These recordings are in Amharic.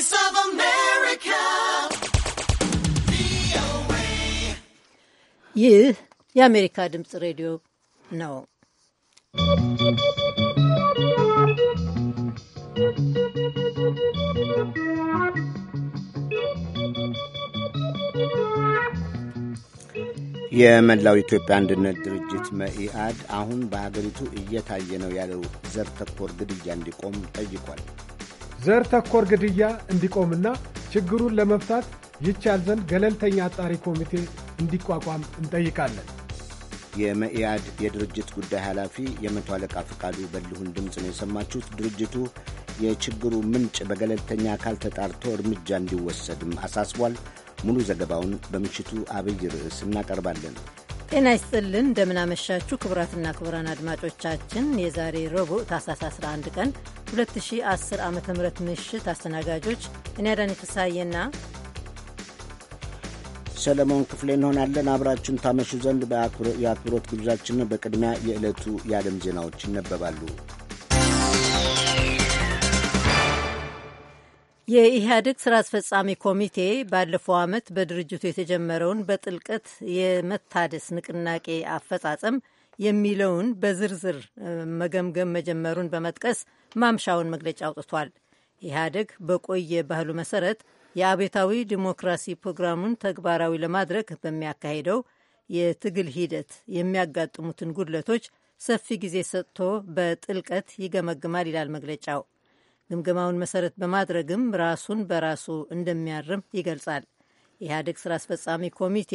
Voice of America. ይህ የአሜሪካ ድምፅ ሬዲዮ ነው። የመላው ኢትዮጵያ አንድነት ድርጅት መኢአድ አሁን በሀገሪቱ እየታየ ነው ያለው ዘር ተኮር ግድያ እንዲቆም ጠይቋል። ዘር ተኮር ግድያ እንዲቆምና ችግሩን ለመፍታት ይቻል ዘንድ ገለልተኛ አጣሪ ኮሚቴ እንዲቋቋም እንጠይቃለን። የመኢአድ የድርጅት ጉዳይ ኃላፊ የመቶ አለቃ ፍቃዱ በልሁን ድምፅ ነው የሰማችሁት። ድርጅቱ የችግሩ ምንጭ በገለልተኛ አካል ተጣርቶ እርምጃ እንዲወሰድም አሳስቧል። ሙሉ ዘገባውን በምሽቱ አብይ ርዕስ እናቀርባለን። ጤና ይስጥልን እንደምናመሻችሁ ክቡራትና ክቡራን አድማጮቻችን የዛሬ ረቡዕ ታህሳስ 11 ቀን 2010 ዓ ም ምሽት አስተናጋጆች እኔ አዳኒ ፍሳዬና ሰለሞን ክፍሌ እንሆናለን። አብራችን ታመሹ ዘንድ የአክብሮት ግብዣችን። በቅድሚያ የዕለቱ የዓለም ዜናዎች ይነበባሉ። የኢህአዴግ ስራ አስፈጻሚ ኮሚቴ ባለፈው ዓመት በድርጅቱ የተጀመረውን በጥልቀት የመታደስ ንቅናቄ አፈጻጸም የሚለውን በዝርዝር መገምገም መጀመሩን በመጥቀስ ማምሻውን መግለጫ አውጥቷል። ኢህአዴግ በቆየ ባህሉ መሰረት የአቤታዊ ዲሞክራሲ ፕሮግራሙን ተግባራዊ ለማድረግ በሚያካሄደው የትግል ሂደት የሚያጋጥሙትን ጉድለቶች ሰፊ ጊዜ ሰጥቶ በጥልቀት ይገመግማል ይላል መግለጫው። ግምገማውን መሰረት በማድረግም ራሱን በራሱ እንደሚያርም ይገልጻል። የኢህአዴግ ስራ አስፈጻሚ ኮሚቴ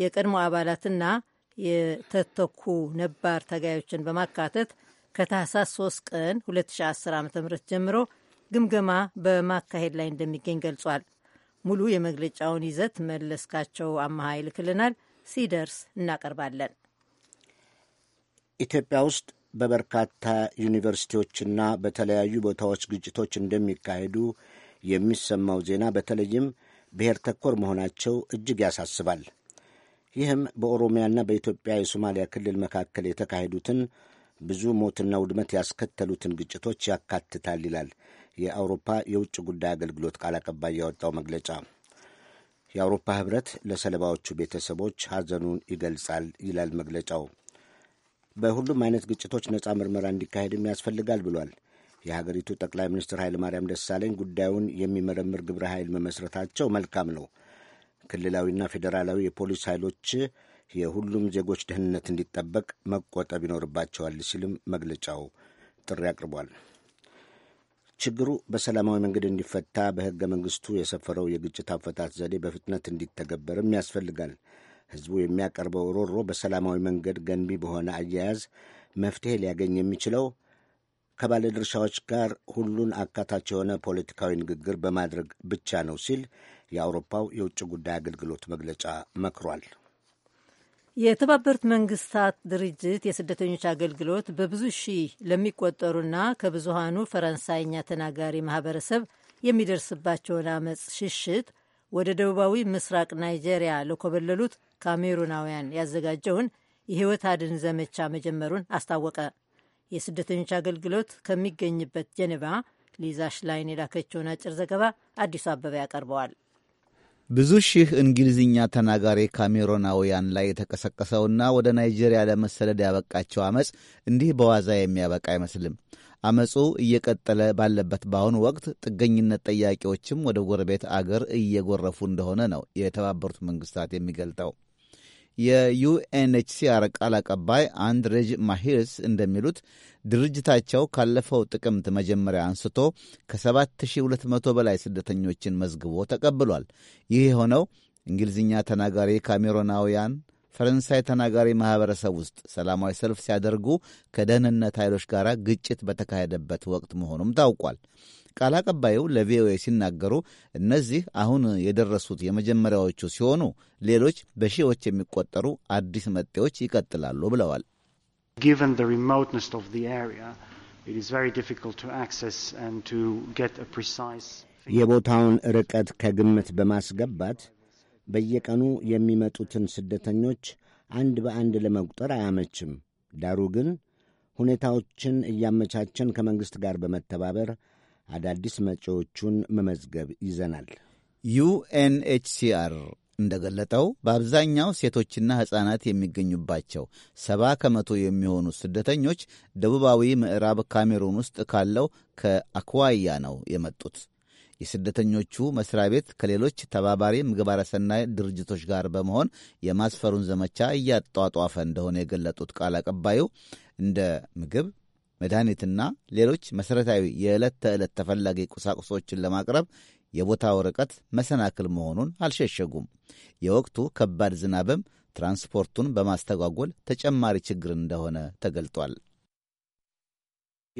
የቀድሞ አባላትና የተተኩ ነባር ተጋዮችን በማካተት ከታህሳስ 3 ቀን 2010 ዓ ም ጀምሮ ግምገማ በማካሄድ ላይ እንደሚገኝ ገልጿል። ሙሉ የመግለጫውን ይዘት መለስካቸው አመሃ ይልክልናል። ሲደርስ እናቀርባለን። ኢትዮጵያ ውስጥ በበርካታ ዩኒቨርሲቲዎችና በተለያዩ ቦታዎች ግጭቶች እንደሚካሄዱ የሚሰማው ዜና በተለይም ብሔር ተኮር መሆናቸው እጅግ ያሳስባል። ይህም በኦሮሚያና በኢትዮጵያ የሶማሊያ ክልል መካከል የተካሄዱትን ብዙ ሞትና ውድመት ያስከተሉትን ግጭቶች ያካትታል ይላል የአውሮፓ የውጭ ጉዳይ አገልግሎት ቃል አቀባይ ያወጣው መግለጫ። የአውሮፓ ሕብረት ለሰለባዎቹ ቤተሰቦች ሐዘኑን ይገልጻል ይላል መግለጫው። በሁሉም አይነት ግጭቶች ነጻ ምርመራ እንዲካሄድም ያስፈልጋል ብሏል። የሀገሪቱ ጠቅላይ ሚኒስትር ኃይለማርያም ደሳለኝ ጉዳዩን የሚመረምር ግብረ ኃይል መመስረታቸው መልካም ነው። ክልላዊና ፌዴራላዊ የፖሊስ ኃይሎች የሁሉም ዜጎች ደህንነት እንዲጠበቅ መቆጠብ ይኖርባቸዋል ሲልም መግለጫው ጥሪ አቅርቧል። ችግሩ በሰላማዊ መንገድ እንዲፈታ በሕገ መንግሥቱ የሰፈረው የግጭት አፈታት ዘዴ በፍጥነት እንዲተገበርም ያስፈልጋል። ህዝቡ የሚያቀርበው ሮሮ በሰላማዊ መንገድ ገንቢ በሆነ አያያዝ መፍትሄ ሊያገኝ የሚችለው ከባለድርሻዎች ጋር ሁሉን አካታች የሆነ ፖለቲካዊ ንግግር በማድረግ ብቻ ነው ሲል የአውሮፓው የውጭ ጉዳይ አገልግሎት መግለጫ መክሯል። የተባበሩት መንግስታት ድርጅት የስደተኞች አገልግሎት በብዙ ሺህ ለሚቆጠሩና ከብዙሃኑ ፈረንሳይኛ ተናጋሪ ማህበረሰብ የሚደርስባቸውን አመፅ ሽሽት ወደ ደቡባዊ ምስራቅ ናይጄሪያ ለኮበለሉት ካሜሩናውያን ያዘጋጀውን የህይወት አድን ዘመቻ መጀመሩን አስታወቀ። የስደተኞች አገልግሎት ከሚገኝበት ጀኔቫ ሊዛ ሽላይን የላከችውን አጭር ዘገባ አዲሱ አበባ ያቀርበዋል። ብዙ ሺህ እንግሊዝኛ ተናጋሪ ካሜሮናውያን ላይ የተቀሰቀሰውና ወደ ናይጄሪያ ለመሰደድ ያበቃቸው አመፅ እንዲህ በዋዛ የሚያበቃ አይመስልም። አመፁ እየቀጠለ ባለበት በአሁኑ ወቅት ጥገኝነት ጠያቂዎችም ወደ ጎረቤት አገር እየጎረፉ እንደሆነ ነው የተባበሩት መንግስታት የሚገልጠው። የዩኤንኤችሲአር ቃል አቀባይ አንድሬጅ ማሂርስ እንደሚሉት ድርጅታቸው ካለፈው ጥቅምት መጀመሪያ አንስቶ ከ7200 በላይ ስደተኞችን መዝግቦ ተቀብሏል። ይህ የሆነው እንግሊዝኛ ተናጋሪ ካሜሮናውያን ፈረንሳይ ተናጋሪ ማኅበረሰብ ውስጥ ሰላማዊ ሰልፍ ሲያደርጉ ከደህንነት ኃይሎች ጋር ግጭት በተካሄደበት ወቅት መሆኑም ታውቋል። ቃል አቀባዩ ለቪኦኤ ሲናገሩ እነዚህ አሁን የደረሱት የመጀመሪያዎቹ ሲሆኑ ሌሎች በሺዎች የሚቆጠሩ አዲስ መጤዎች ይቀጥላሉ ብለዋል። የቦታውን ርቀት ከግምት በማስገባት በየቀኑ የሚመጡትን ስደተኞች አንድ በአንድ ለመቁጠር አያመችም። ዳሩ ግን ሁኔታዎችን እያመቻቸን ከመንግሥት ጋር በመተባበር አዳዲስ መጪዎቹን መመዝገብ ይዘናል። ዩኤንኤችሲአር እንደገለጠው በአብዛኛው ሴቶችና ሕፃናት የሚገኙባቸው ሰባ ከመቶ የሚሆኑ ስደተኞች ደቡባዊ ምዕራብ ካሜሩን ውስጥ ካለው ከአክዋያ ነው የመጡት። የስደተኞቹ መስሪያ ቤት ከሌሎች ተባባሪ ምግባረ ሰናይ ድርጅቶች ጋር በመሆን የማስፈሩን ዘመቻ እያጧጧፈ እንደሆነ የገለጡት ቃል አቀባዩ እንደ ምግብ፣ መድኃኒትና ሌሎች መሠረታዊ የዕለት ተዕለት ተፈላጊ ቁሳቁሶችን ለማቅረብ የቦታው ርቀት መሰናክል መሆኑን አልሸሸጉም። የወቅቱ ከባድ ዝናብም ትራንስፖርቱን በማስተጓጎል ተጨማሪ ችግር እንደሆነ ተገልጧል።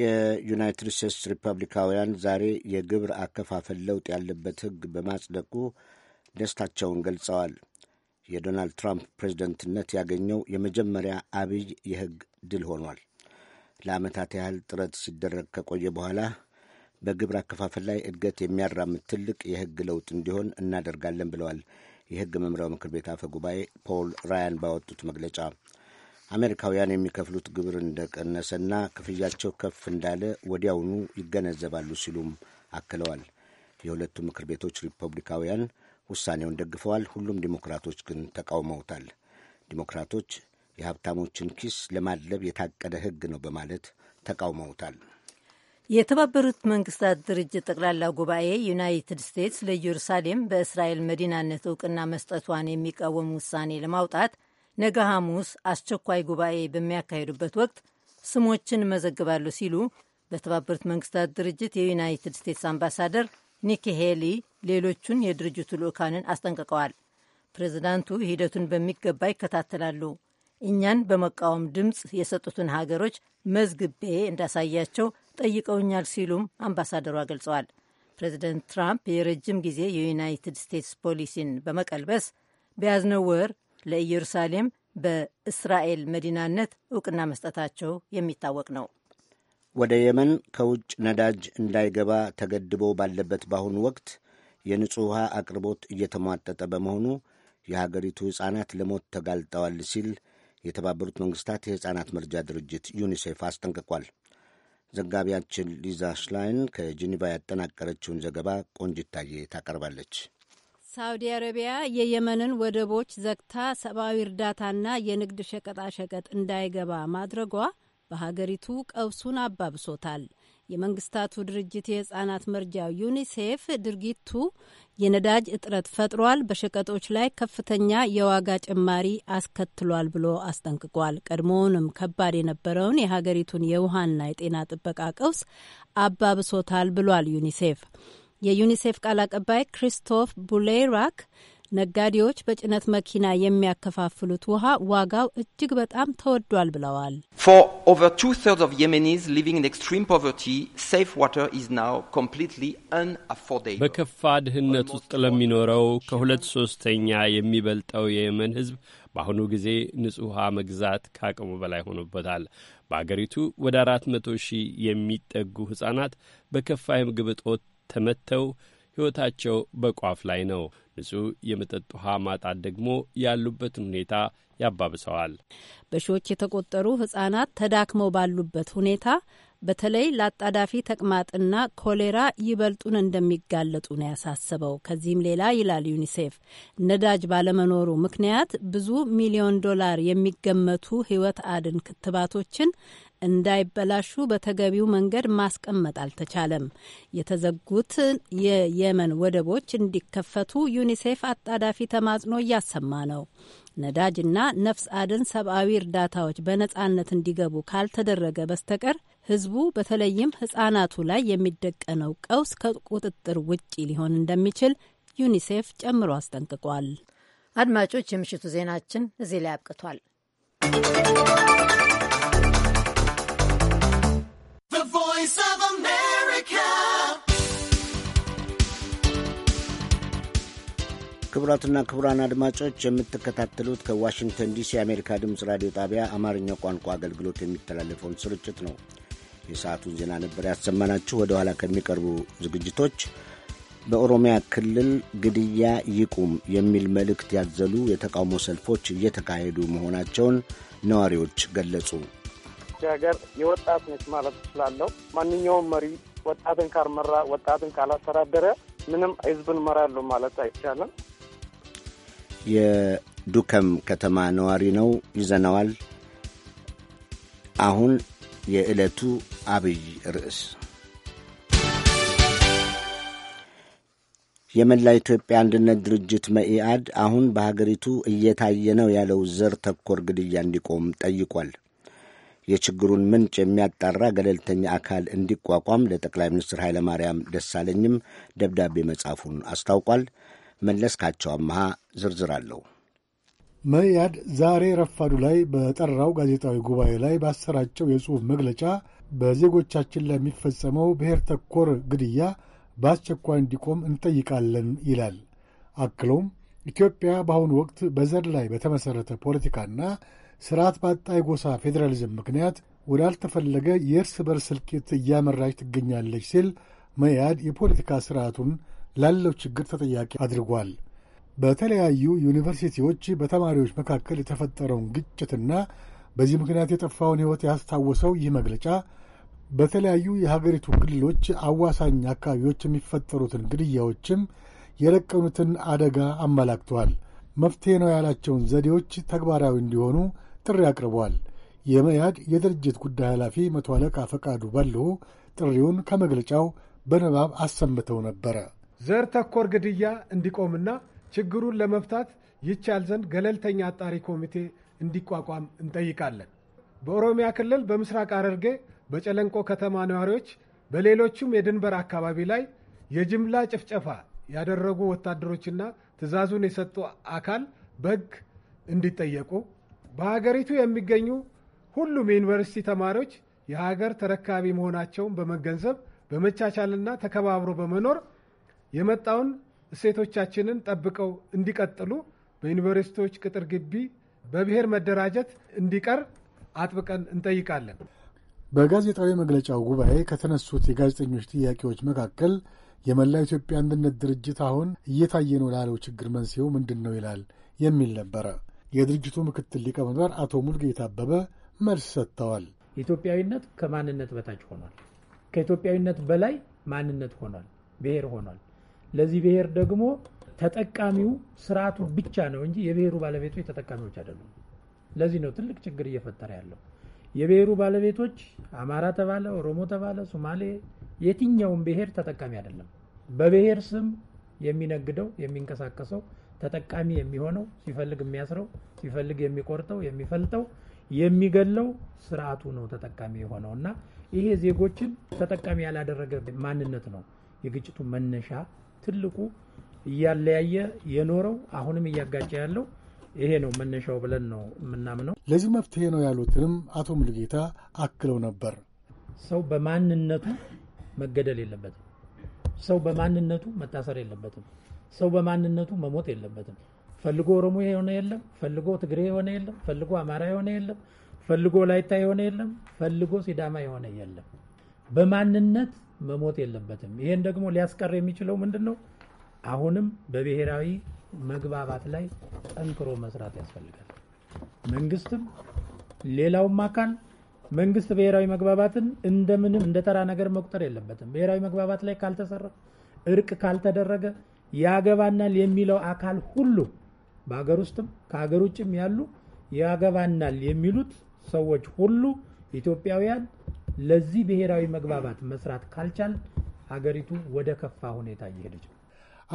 የዩናይትድ ስቴትስ ሪፐብሊካውያን ዛሬ የግብር አከፋፈል ለውጥ ያለበት ሕግ በማጽደቁ ደስታቸውን ገልጸዋል። የዶናልድ ትራምፕ ፕሬዝደንትነት ያገኘው የመጀመሪያ አብይ የሕግ ድል ሆኗል። ለዓመታት ያህል ጥረት ሲደረግ ከቆየ በኋላ በግብር አከፋፈል ላይ እድገት የሚያራምድ ትልቅ የሕግ ለውጥ እንዲሆን እናደርጋለን ብለዋል የሕግ መምሪያው ምክር ቤት አፈ ጉባኤ ፖል ራያን ባወጡት መግለጫ አሜሪካውያን የሚከፍሉት ግብር እንደቀነሰና ክፍያቸው ከፍ እንዳለ ወዲያውኑ ይገነዘባሉ ሲሉም አክለዋል። የሁለቱ ምክር ቤቶች ሪፐብሊካውያን ውሳኔውን ደግፈዋል። ሁሉም ዲሞክራቶች ግን ተቃውመውታል። ዲሞክራቶች የሀብታሞችን ኪስ ለማድለብ የታቀደ ሕግ ነው በማለት ተቃውመውታል። የተባበሩት መንግስታት ድርጅት ጠቅላላ ጉባኤ ዩናይትድ ስቴትስ ለኢየሩሳሌም በእስራኤል መዲናነት እውቅና መስጠቷን የሚቃወም ውሳኔ ለማውጣት ነገ ሐሙስ አስቸኳይ ጉባኤ በሚያካሂዱበት ወቅት ስሞችን እመዘግባለሁ ሲሉ በተባበሩት መንግስታት ድርጅት የዩናይትድ ስቴትስ አምባሳደር ኒኪ ሄሊ ሌሎቹን የድርጅቱ ልዑካንን አስጠንቅቀዋል። ፕሬዚዳንቱ ሂደቱን በሚገባ ይከታተላሉ። እኛን በመቃወም ድምፅ የሰጡትን ሀገሮች መዝግቤ እንዳሳያቸው ጠይቀውኛል ሲሉም አምባሳደሯ ገልጸዋል። ፕሬዚደንት ትራምፕ የረጅም ጊዜ የዩናይትድ ስቴትስ ፖሊሲን በመቀልበስ በያዝነው ወር ለኢየሩሳሌም በእስራኤል መዲናነት እውቅና መስጠታቸው የሚታወቅ ነው። ወደ የመን ከውጭ ነዳጅ እንዳይገባ ተገድቦ ባለበት በአሁኑ ወቅት የንጹሕ ውሃ አቅርቦት እየተሟጠጠ በመሆኑ የሀገሪቱ ሕፃናት ለሞት ተጋልጠዋል ሲል የተባበሩት መንግስታት የሕፃናት መርጃ ድርጅት ዩኒሴፍ አስጠንቅቋል። ዘጋቢያችን ሊዛ ሽላይን ከጄኔቫ ያጠናቀረችውን ዘገባ ቆንጅታዬ ታቀርባለች። ሳውዲ አረቢያ የየመንን ወደቦች ዘግታ ሰብአዊ እርዳታና የንግድ ሸቀጣሸቀጥ እንዳይገባ ማድረጓ በሀገሪቱ ቀውሱን አባብሶታል። የመንግስታቱ ድርጅት የህጻናት መርጃው ዩኒሴፍ ድርጊቱ የነዳጅ እጥረት ፈጥሯል፣ በሸቀጦች ላይ ከፍተኛ የዋጋ ጭማሪ አስከትሏል ብሎ አስጠንቅቋል። ቀድሞውንም ከባድ የነበረውን የሀገሪቱን የውሃና የጤና ጥበቃ ቀውስ አባብሶታል ብሏል ዩኒሴፍ የዩኒሴፍ ቃል አቀባይ ክሪስቶፍ ቡሌራክ ነጋዴዎች በጭነት መኪና የሚያከፋፍሉት ውሃ ዋጋው እጅግ በጣም ተወዷል ብለዋል። በከፋ ድህነት ውስጥ ለሚኖረው ከሁለት ሶስተኛ የሚበልጠው የየመን ህዝብ በአሁኑ ጊዜ ንጹህ ውሃ መግዛት ከአቅሙ በላይ ሆኖበታል። በአገሪቱ ወደ አራት መቶ ሺህ የሚጠጉ ሕጻናት በከፋ የምግብ እጦት ተመተው ሕይወታቸው በቋፍ ላይ ነው። ንጹሕ የመጠጥ ውሃ ማጣት ደግሞ ያሉበትን ሁኔታ ያባብሰዋል። በሺዎች የተቆጠሩ ሕፃናት ተዳክመው ባሉበት ሁኔታ በተለይ ለአጣዳፊ ተቅማጥና ኮሌራ ይበልጡን እንደሚጋለጡ ነው ያሳሰበው። ከዚህም ሌላ ይላል ዩኒሴፍ ነዳጅ ባለመኖሩ ምክንያት ብዙ ሚሊዮን ዶላር የሚገመቱ ሕይወት አድን ክትባቶችን እንዳይበላሹ በተገቢው መንገድ ማስቀመጥ አልተቻለም። የተዘጉት የየመን ወደቦች እንዲከፈቱ ዩኒሴፍ አጣዳፊ ተማጽኖ እያሰማ ነው። ነዳጅና ነፍስ አድን ሰብአዊ እርዳታዎች በነጻነት እንዲገቡ ካልተደረገ በስተቀር ሕዝቡ በተለይም ሕጻናቱ ላይ የሚደቀነው ቀውስ ከቁጥጥር ውጪ ሊሆን እንደሚችል ዩኒሴፍ ጨምሮ አስጠንቅቋል። አድማጮች፣ የምሽቱ ዜናችን እዚህ ላይ አብቅቷል። ክቡራትና ክቡራን አድማጮች የምትከታተሉት ከዋሽንግተን ዲሲ የአሜሪካ ድምፅ ራዲዮ ጣቢያ አማርኛ ቋንቋ አገልግሎት የሚተላለፈውን ስርጭት ነው። የሰዓቱን ዜና ነበር ያሰማናችሁ። ወደ ኋላ ከሚቀርቡ ዝግጅቶች በኦሮሚያ ክልል ግድያ ይቁም የሚል መልእክት ያዘሉ የተቃውሞ ሰልፎች እየተካሄዱ መሆናቸውን ነዋሪዎች ገለጹ። ሀገር የወጣት ነች ማለት እችላለሁ። ማንኛውም መሪ ወጣትን ካልመራ፣ ወጣትን ካላስተዳደረ ምንም ህዝብን መራለሁ ማለት አይቻልም። የዱከም ከተማ ነዋሪ ነው። ይዘነዋል። አሁን የዕለቱ አብይ ርዕስ የመላ ኢትዮጵያ አንድነት ድርጅት መኢአድ አሁን በሀገሪቱ እየታየ ነው ያለው ዘር ተኮር ግድያ እንዲቆም ጠይቋል። የችግሩን ምንጭ የሚያጣራ ገለልተኛ አካል እንዲቋቋም ለጠቅላይ ሚኒስትር ኃይለማርያም ደሳለኝም ደብዳቤ መጻፉን አስታውቋል። መለስካቸው አመሃ ዝርዝር አለው። ዛሬ ረፋዱ ላይ በጠራው ጋዜጣዊ ጉባኤ ላይ ባሰራጨው የጽሑፍ መግለጫ በዜጎቻችን ላይ የሚፈጸመው ብሔር ተኮር ግድያ በአስቸኳይ እንዲቆም እንጠይቃለን ይላል። አክሎም ኢትዮጵያ በአሁኑ ወቅት በዘር ላይ በተመሠረተ ፖለቲካና ስርዓት ባጣይ ጎሳ ፌዴራሊዝም ምክንያት ወዳልተፈለገ የእርስ በርስ እልቂት እያመራች ትገኛለች ሲል መያድ የፖለቲካ ስርዓቱን ላለው ችግር ተጠያቂ አድርጓል። በተለያዩ ዩኒቨርሲቲዎች በተማሪዎች መካከል የተፈጠረውን ግጭትና በዚህ ምክንያት የጠፋውን ሕይወት ያስታወሰው ይህ መግለጫ በተለያዩ የሀገሪቱ ክልሎች አዋሳኝ አካባቢዎች የሚፈጠሩትን ግድያዎችም የለቀኑትን አደጋ አመላክቷል። መፍትሄ ነው ያላቸውን ዘዴዎች ተግባራዊ እንዲሆኑ ጥሪ አቅርበዋል። የመያድ የድርጅት ጉዳይ ኃላፊ መቶ አለቃ ፈቃዱ ባለሁ ጥሪውን ከመግለጫው በንባብ አሰምተው ነበረ። ዘር ተኮር ግድያ እንዲቆምና ችግሩን ለመፍታት ይቻል ዘንድ ገለልተኛ አጣሪ ኮሚቴ እንዲቋቋም እንጠይቃለን። በኦሮሚያ ክልል በምስራቅ ሐረርጌ በጨለንቆ ከተማ ነዋሪዎች በሌሎችም የድንበር አካባቢ ላይ የጅምላ ጭፍጨፋ ያደረጉ ወታደሮችና ትዕዛዙን የሰጡ አካል በሕግ እንዲጠየቁ፣ በሀገሪቱ የሚገኙ ሁሉም የዩኒቨርሲቲ ተማሪዎች የሀገር ተረካቢ መሆናቸውን በመገንዘብ በመቻቻልና ተከባብሮ በመኖር የመጣውን እሴቶቻችንን ጠብቀው እንዲቀጥሉ በዩኒቨርሲቲዎች ቅጥር ግቢ በብሔር መደራጀት እንዲቀር አጥብቀን እንጠይቃለን። በጋዜጣዊ መግለጫው ጉባኤ ከተነሱት የጋዜጠኞች ጥያቄዎች መካከል የመላው ኢትዮጵያ አንድነት ድርጅት አሁን እየታየ ነው ላለው ችግር መንስኤው ምንድን ነው ይላል የሚል ነበረ። የድርጅቱ ምክትል ሊቀመንበር አቶ ሙልጌታ አበበ መልስ ሰጥተዋል። ኢትዮጵያዊነት ከማንነት በታች ሆኗል። ከኢትዮጵያዊነት በላይ ማንነት ሆኗል፣ ብሔር ሆኗል። ለዚህ ብሔር ደግሞ ተጠቃሚው ስርዓቱ ብቻ ነው እንጂ የብሔሩ ባለቤቶች ተጠቃሚዎች አይደሉም። ለዚህ ነው ትልቅ ችግር እየፈጠረ ያለው። የብሔሩ ባለቤቶች አማራ ተባለ፣ ኦሮሞ ተባለ፣ ሶማሌ፣ የትኛውም ብሔር ተጠቃሚ አይደለም። በብሔር ስም የሚነግደው የሚንቀሳቀሰው ተጠቃሚ የሚሆነው ሲፈልግ የሚያስረው ሲፈልግ የሚቆርጠው የሚፈልጠው የሚገለው ስርዓቱ ነው ተጠቃሚ የሆነው እና ይሄ ዜጎችን ተጠቃሚ ያላደረገ ማንነት ነው የግጭቱ መነሻ ትልቁ እያለያየ የኖረው አሁንም እያጋጨ ያለው ይሄ ነው መነሻው ብለን ነው የምናምነው። ለዚህ መፍትሄ ነው ያሉትንም አቶ ሙሉጌታ አክለው ነበር። ሰው በማንነቱ መገደል የለበትም። ሰው በማንነቱ መታሰር የለበትም። ሰው በማንነቱ መሞት የለበትም። ፈልጎ ኦሮሞ የሆነ የለም፣ ፈልጎ ትግሬ የሆነ የለም፣ ፈልጎ አማራ የሆነ የለም፣ ፈልጎ ላይታ የሆነ የለም፣ ፈልጎ ሲዳማ የሆነ የለም። በማንነት መሞት የለበትም። ይሄን ደግሞ ሊያስቀር የሚችለው ምንድን ነው? አሁንም በብሔራዊ መግባባት ላይ ጠንክሮ መስራት ያስፈልጋል። መንግስትም ሌላውም አካል መንግስት ብሔራዊ መግባባትን እንደምንም እንደ ተራ ነገር መቁጠር የለበትም። ብሔራዊ መግባባት ላይ ካልተሰራ፣ እርቅ ካልተደረገ ያገባናል የሚለው አካል ሁሉ በሀገር ውስጥም ከሀገር ውጭም ያሉ ያገባናል የሚሉት ሰዎች ሁሉ ኢትዮጵያውያን ለዚህ ብሔራዊ መግባባት መስራት ካልቻል ሀገሪቱ ወደ ከፋ ሁኔታ እየሄደች ነው።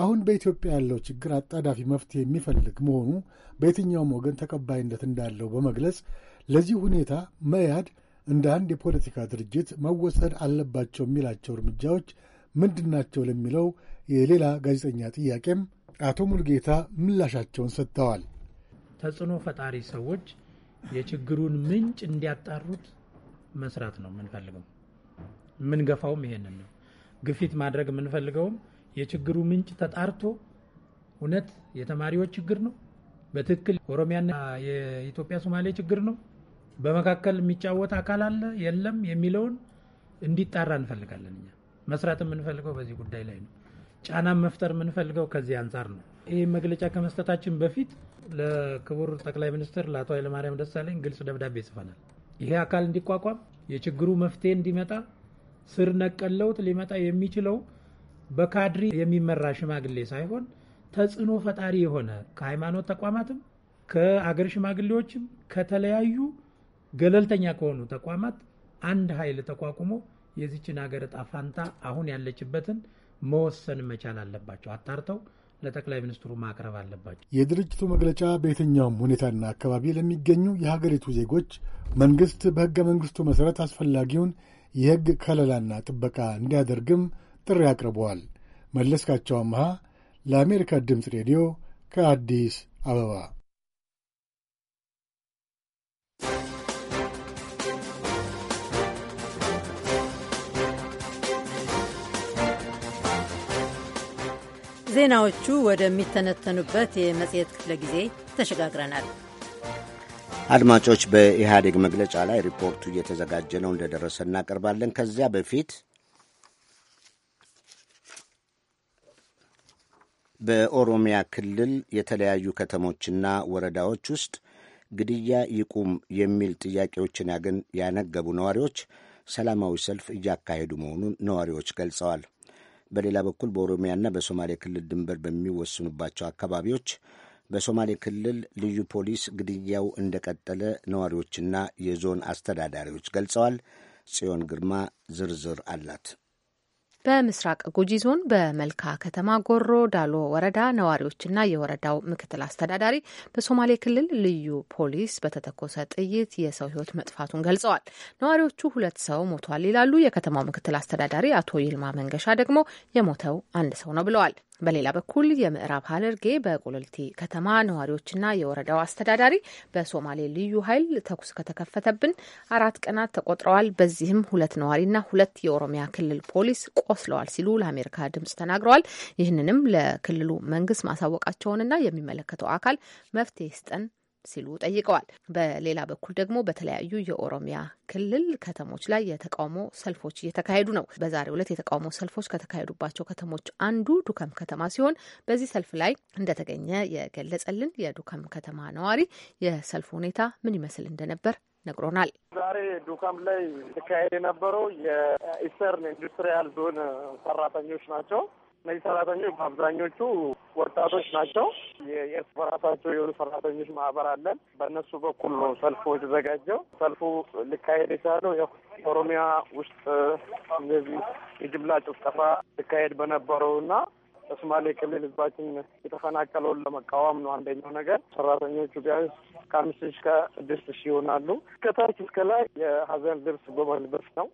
አሁን በኢትዮጵያ ያለው ችግር አጣዳፊ መፍትሄ የሚፈልግ መሆኑ በየትኛውም ወገን ተቀባይነት እንዳለው በመግለጽ ለዚህ ሁኔታ መያድ እንደ አንድ የፖለቲካ ድርጅት መወሰድ አለባቸው የሚላቸው እርምጃዎች ምንድናቸው ለሚለው የሌላ ጋዜጠኛ ጥያቄም አቶ ሙልጌታ ምላሻቸውን ሰጥተዋል። ተጽዕኖ ፈጣሪ ሰዎች የችግሩን ምንጭ እንዲያጣሩት መስራት ነው የምንፈልገው። የምንገፋውም ይሄንን ነው። ግፊት ማድረግ የምንፈልገውም የችግሩ ምንጭ ተጣርቶ እውነት የተማሪዎች ችግር ነው፣ በትክክል ኦሮሚያና የኢትዮጵያ ሶማሌ ችግር ነው፣ በመካከል የሚጫወት አካል አለ የለም የሚለውን እንዲጣራ እንፈልጋለን። እኛ መስራት የምንፈልገው በዚህ ጉዳይ ላይ ነው። ጫና መፍጠር የምንፈልገው ከዚህ አንጻር ነው። ይህ መግለጫ ከመስጠታችን በፊት ለክቡር ጠቅላይ ሚኒስትር ለአቶ ኃይለማርያም ደሳለኝ ግልጽ ደብዳቤ ጽፈናል። ይሄ አካል እንዲቋቋም የችግሩ መፍትሄ እንዲመጣ ስር ነቀል ለውጥ ሊመጣ የሚችለው በካድሪ የሚመራ ሽማግሌ ሳይሆን ተጽዕኖ ፈጣሪ የሆነ ከሃይማኖት ተቋማትም ከአገር ሽማግሌዎችም ከተለያዩ ገለልተኛ ከሆኑ ተቋማት አንድ ኃይል ተቋቁሞ የዚችን ሀገር እጣ ፋንታ አሁን ያለችበትን መወሰን መቻል አለባቸው። አጣርተው ለጠቅላይ ሚኒስትሩ ማቅረብ አለባቸው። የድርጅቱ መግለጫ በየትኛውም ሁኔታና አካባቢ ለሚገኙ የሀገሪቱ ዜጎች መንግስት በህገ መንግስቱ መሠረት አስፈላጊውን የህግ ከለላና ጥበቃ እንዲያደርግም ጥሪ አቅርበዋል። መለስካቸው አመሃ ለአሜሪካ ድምፅ ሬዲዮ ከአዲስ አበባ ዜናዎቹ ወደሚተነተኑበት የመጽሔት ክፍለ ጊዜ ተሸጋግረናል። አድማጮች፣ በኢህአዴግ መግለጫ ላይ ሪፖርቱ እየተዘጋጀ ነው፣ እንደደረሰ እናቀርባለን። ከዚያ በፊት በኦሮሚያ ክልል የተለያዩ ከተሞችና ወረዳዎች ውስጥ ግድያ ይቁም የሚል ጥያቄዎችን ያነገቡ ነዋሪዎች ሰላማዊ ሰልፍ እያካሄዱ መሆኑን ነዋሪዎች ገልጸዋል። በሌላ በኩል በኦሮሚያና በሶማሌ ክልል ድንበር በሚወስኑባቸው አካባቢዎች በሶማሌ ክልል ልዩ ፖሊስ ግድያው እንደቀጠለ ነዋሪዎችና የዞን አስተዳዳሪዎች ገልጸዋል። ጽዮን ግርማ ዝርዝር አላት። በምስራቅ ጉጂ ዞን በመልካ ከተማ ጎሮ ዳሎ ወረዳ ነዋሪዎችና የወረዳው ምክትል አስተዳዳሪ በሶማሌ ክልል ልዩ ፖሊስ በተተኮሰ ጥይት የሰው ሕይወት መጥፋቱን ገልጸዋል። ነዋሪዎቹ ሁለት ሰው ሞቷል ይላሉ። የከተማው ምክትል አስተዳዳሪ አቶ ይልማ መንገሻ ደግሞ የሞተው አንድ ሰው ነው ብለዋል። በሌላ በኩል የምዕራብ ሀለርጌ በቁልልቲ ከተማ ነዋሪዎችና የወረዳው አስተዳዳሪ በሶማሌ ልዩ ኃይል ተኩስ ከተከፈተብን አራት ቀናት ተቆጥረዋል። በዚህም ሁለት ነዋሪና ሁለት የኦሮሚያ ክልል ፖሊስ ቆስለዋል ሲሉ ለአሜሪካ ድምጽ ተናግረዋል። ይህንንም ለክልሉ መንግስት ማሳወቃቸውንና የሚመለከተው አካል መፍትሄ ስጠን ሲሉ ጠይቀዋል። በሌላ በኩል ደግሞ በተለያዩ የኦሮሚያ ክልል ከተሞች ላይ የተቃውሞ ሰልፎች እየተካሄዱ ነው። በዛሬው ዕለት የተቃውሞ ሰልፎች ከተካሄዱባቸው ከተሞች አንዱ ዱከም ከተማ ሲሆን በዚህ ሰልፍ ላይ እንደተገኘ የገለጸልን የዱከም ከተማ ነዋሪ የሰልፍ ሁኔታ ምን ይመስል እንደነበር ነግሮናል። ዛሬ ዱከም ላይ ሲካሄድ የነበረው የኢስተርን ኢንዱስትሪያል ዞን ሰራተኞች ናቸው። እነዚህ ሰራተኞች በአብዛኞቹ ወጣቶች ናቸው። የእርስ በራሳቸው የሆኑ ሰራተኞች ማህበር አለን። በእነሱ በኩል ነው ሰልፉ የተዘጋጀው። ሰልፉ ሊካሄድ የቻለው ኦሮሚያ ውስጥ እንደዚህ የጅምላ ጭፍጨፋ ሊካሄድ በነበረው እና በሶማሌ ክልል ህዝባችን የተፈናቀለውን ለመቃወም ነው። አንደኛው ነገር ሰራተኞቹ ቢያንስ ከአምስት ሺ ከስድስት ሺ ይሆናሉ። ከታች እስከ ላይ የሀዘን ልብስ በመልበስ ነው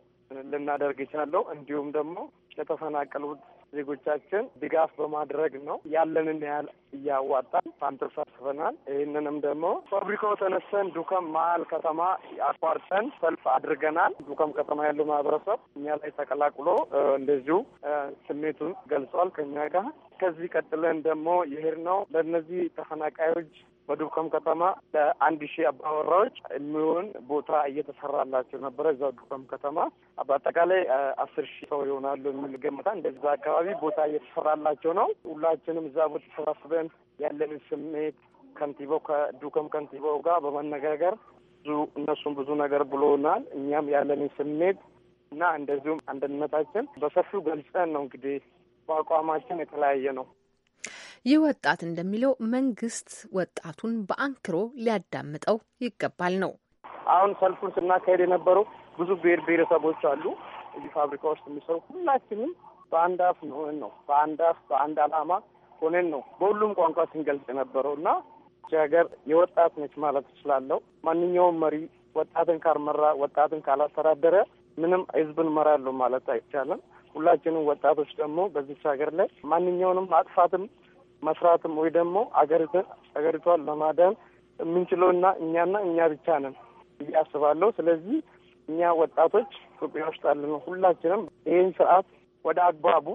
ልናደርግ ይቻለው እንዲሁም ደግሞ የተፈናቀሉት ዜጎቻችን ድጋፍ በማድረግ ነው። ያለንን ያህል እያዋጣን ፓንትር ሰብስበናል። ይህንንም ደግሞ ፋብሪካው ተነስተን ዱከም መሀል ከተማ አቋርጠን ሰልፍ አድርገናል። ዱከም ከተማ ያሉ ማህበረሰብ እኛ ላይ ተቀላቅሎ እንደዚሁ ስሜቱን ገልጿል ከኛ ጋር። ከዚህ ቀጥለን ደግሞ ይሄድ ነው ለእነዚህ ተፈናቃዮች በዱከም ከተማ ለአንድ ሺህ አባወራዎች የሚሆን ቦታ እየተሰራላቸው ነበረ። እዛ ዱከም ከተማ በአጠቃላይ አስር ሺህ ሰው ይሆናሉ የሚል ገመታ እንደዛ አካባቢ ቦታ እየተሰራላቸው ነው። ሁላችንም እዛ ቦታ ተሰባስበን ያለንን ስሜት ከንቲባው ከዱከም ከንቲባው ጋር በመነጋገር ብዙ እነሱም ብዙ ነገር ብሎናል። እኛም ያለንን ስሜት እና እንደዚሁም አንድነታችን በሰፊው ገልጸን ነው እንግዲህ በአቋማችን የተለያየ ነው። ይህ ወጣት እንደሚለው መንግስት ወጣቱን በአንክሮ ሊያዳምጠው ይገባል ነው። አሁን ሰልፉን ስናካሄድ የነበረው ብዙ ብሔር ብሔረሰቦች አሉ እዚህ ፋብሪካ ውስጥ የሚሰሩ ሁላችንም በአንድ አፍ ሆነን ነው በአንድ አፍ በአንድ አላማ ሆነን ነው በሁሉም ቋንቋ ስንገልጽ የነበረው እና ሀገር የወጣት ነች ማለት እችላለሁ። ማንኛውም መሪ ወጣትን ካልመራ ወጣትን ካላስተዳደረ ምንም ህዝብን መራለሁ ማለት አይቻልም። ሁላችንም ወጣቶች ደግሞ በዚች ሀገር ላይ ማንኛውንም ማጥፋትም መስራትም ወይ ደግሞ አገሪቷን ለማዳን የምንችለው የምንችለውና እኛና እኛ ብቻ ነን እያስባለሁ። ስለዚህ እኛ ወጣቶች ኢትዮጵያ ውስጥ ያለን ሁላችንም ይህን ስርዓት ወደ አግባቡ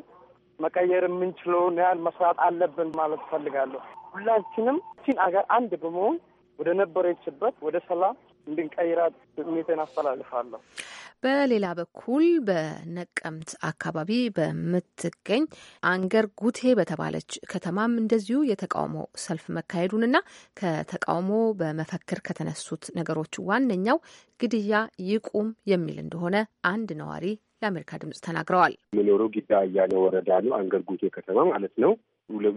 መቀየር የምንችለውን ያህል መስራት አለብን ማለት እፈልጋለሁ። ሁላችንም ቺን አገር አንድ በመሆን ወደ ነበረችበት ወደ ሰላም እንድንቀይራት ስሜቴን አስተላልፋለሁ። በሌላ በኩል በነቀምት አካባቢ በምትገኝ አንገር ጉቴ በተባለች ከተማም እንደዚሁ የተቃውሞ ሰልፍ መካሄዱንና ከተቃውሞ በመፈክር ከተነሱት ነገሮች ዋነኛው ግድያ ይቁም የሚል እንደሆነ አንድ ነዋሪ ለአሜሪካ ድምጽ ተናግረዋል። የምኖረው ጊዳ አያሌ ወረዳ ነው። አንገር ጉቴ ከተማ ማለት ነው።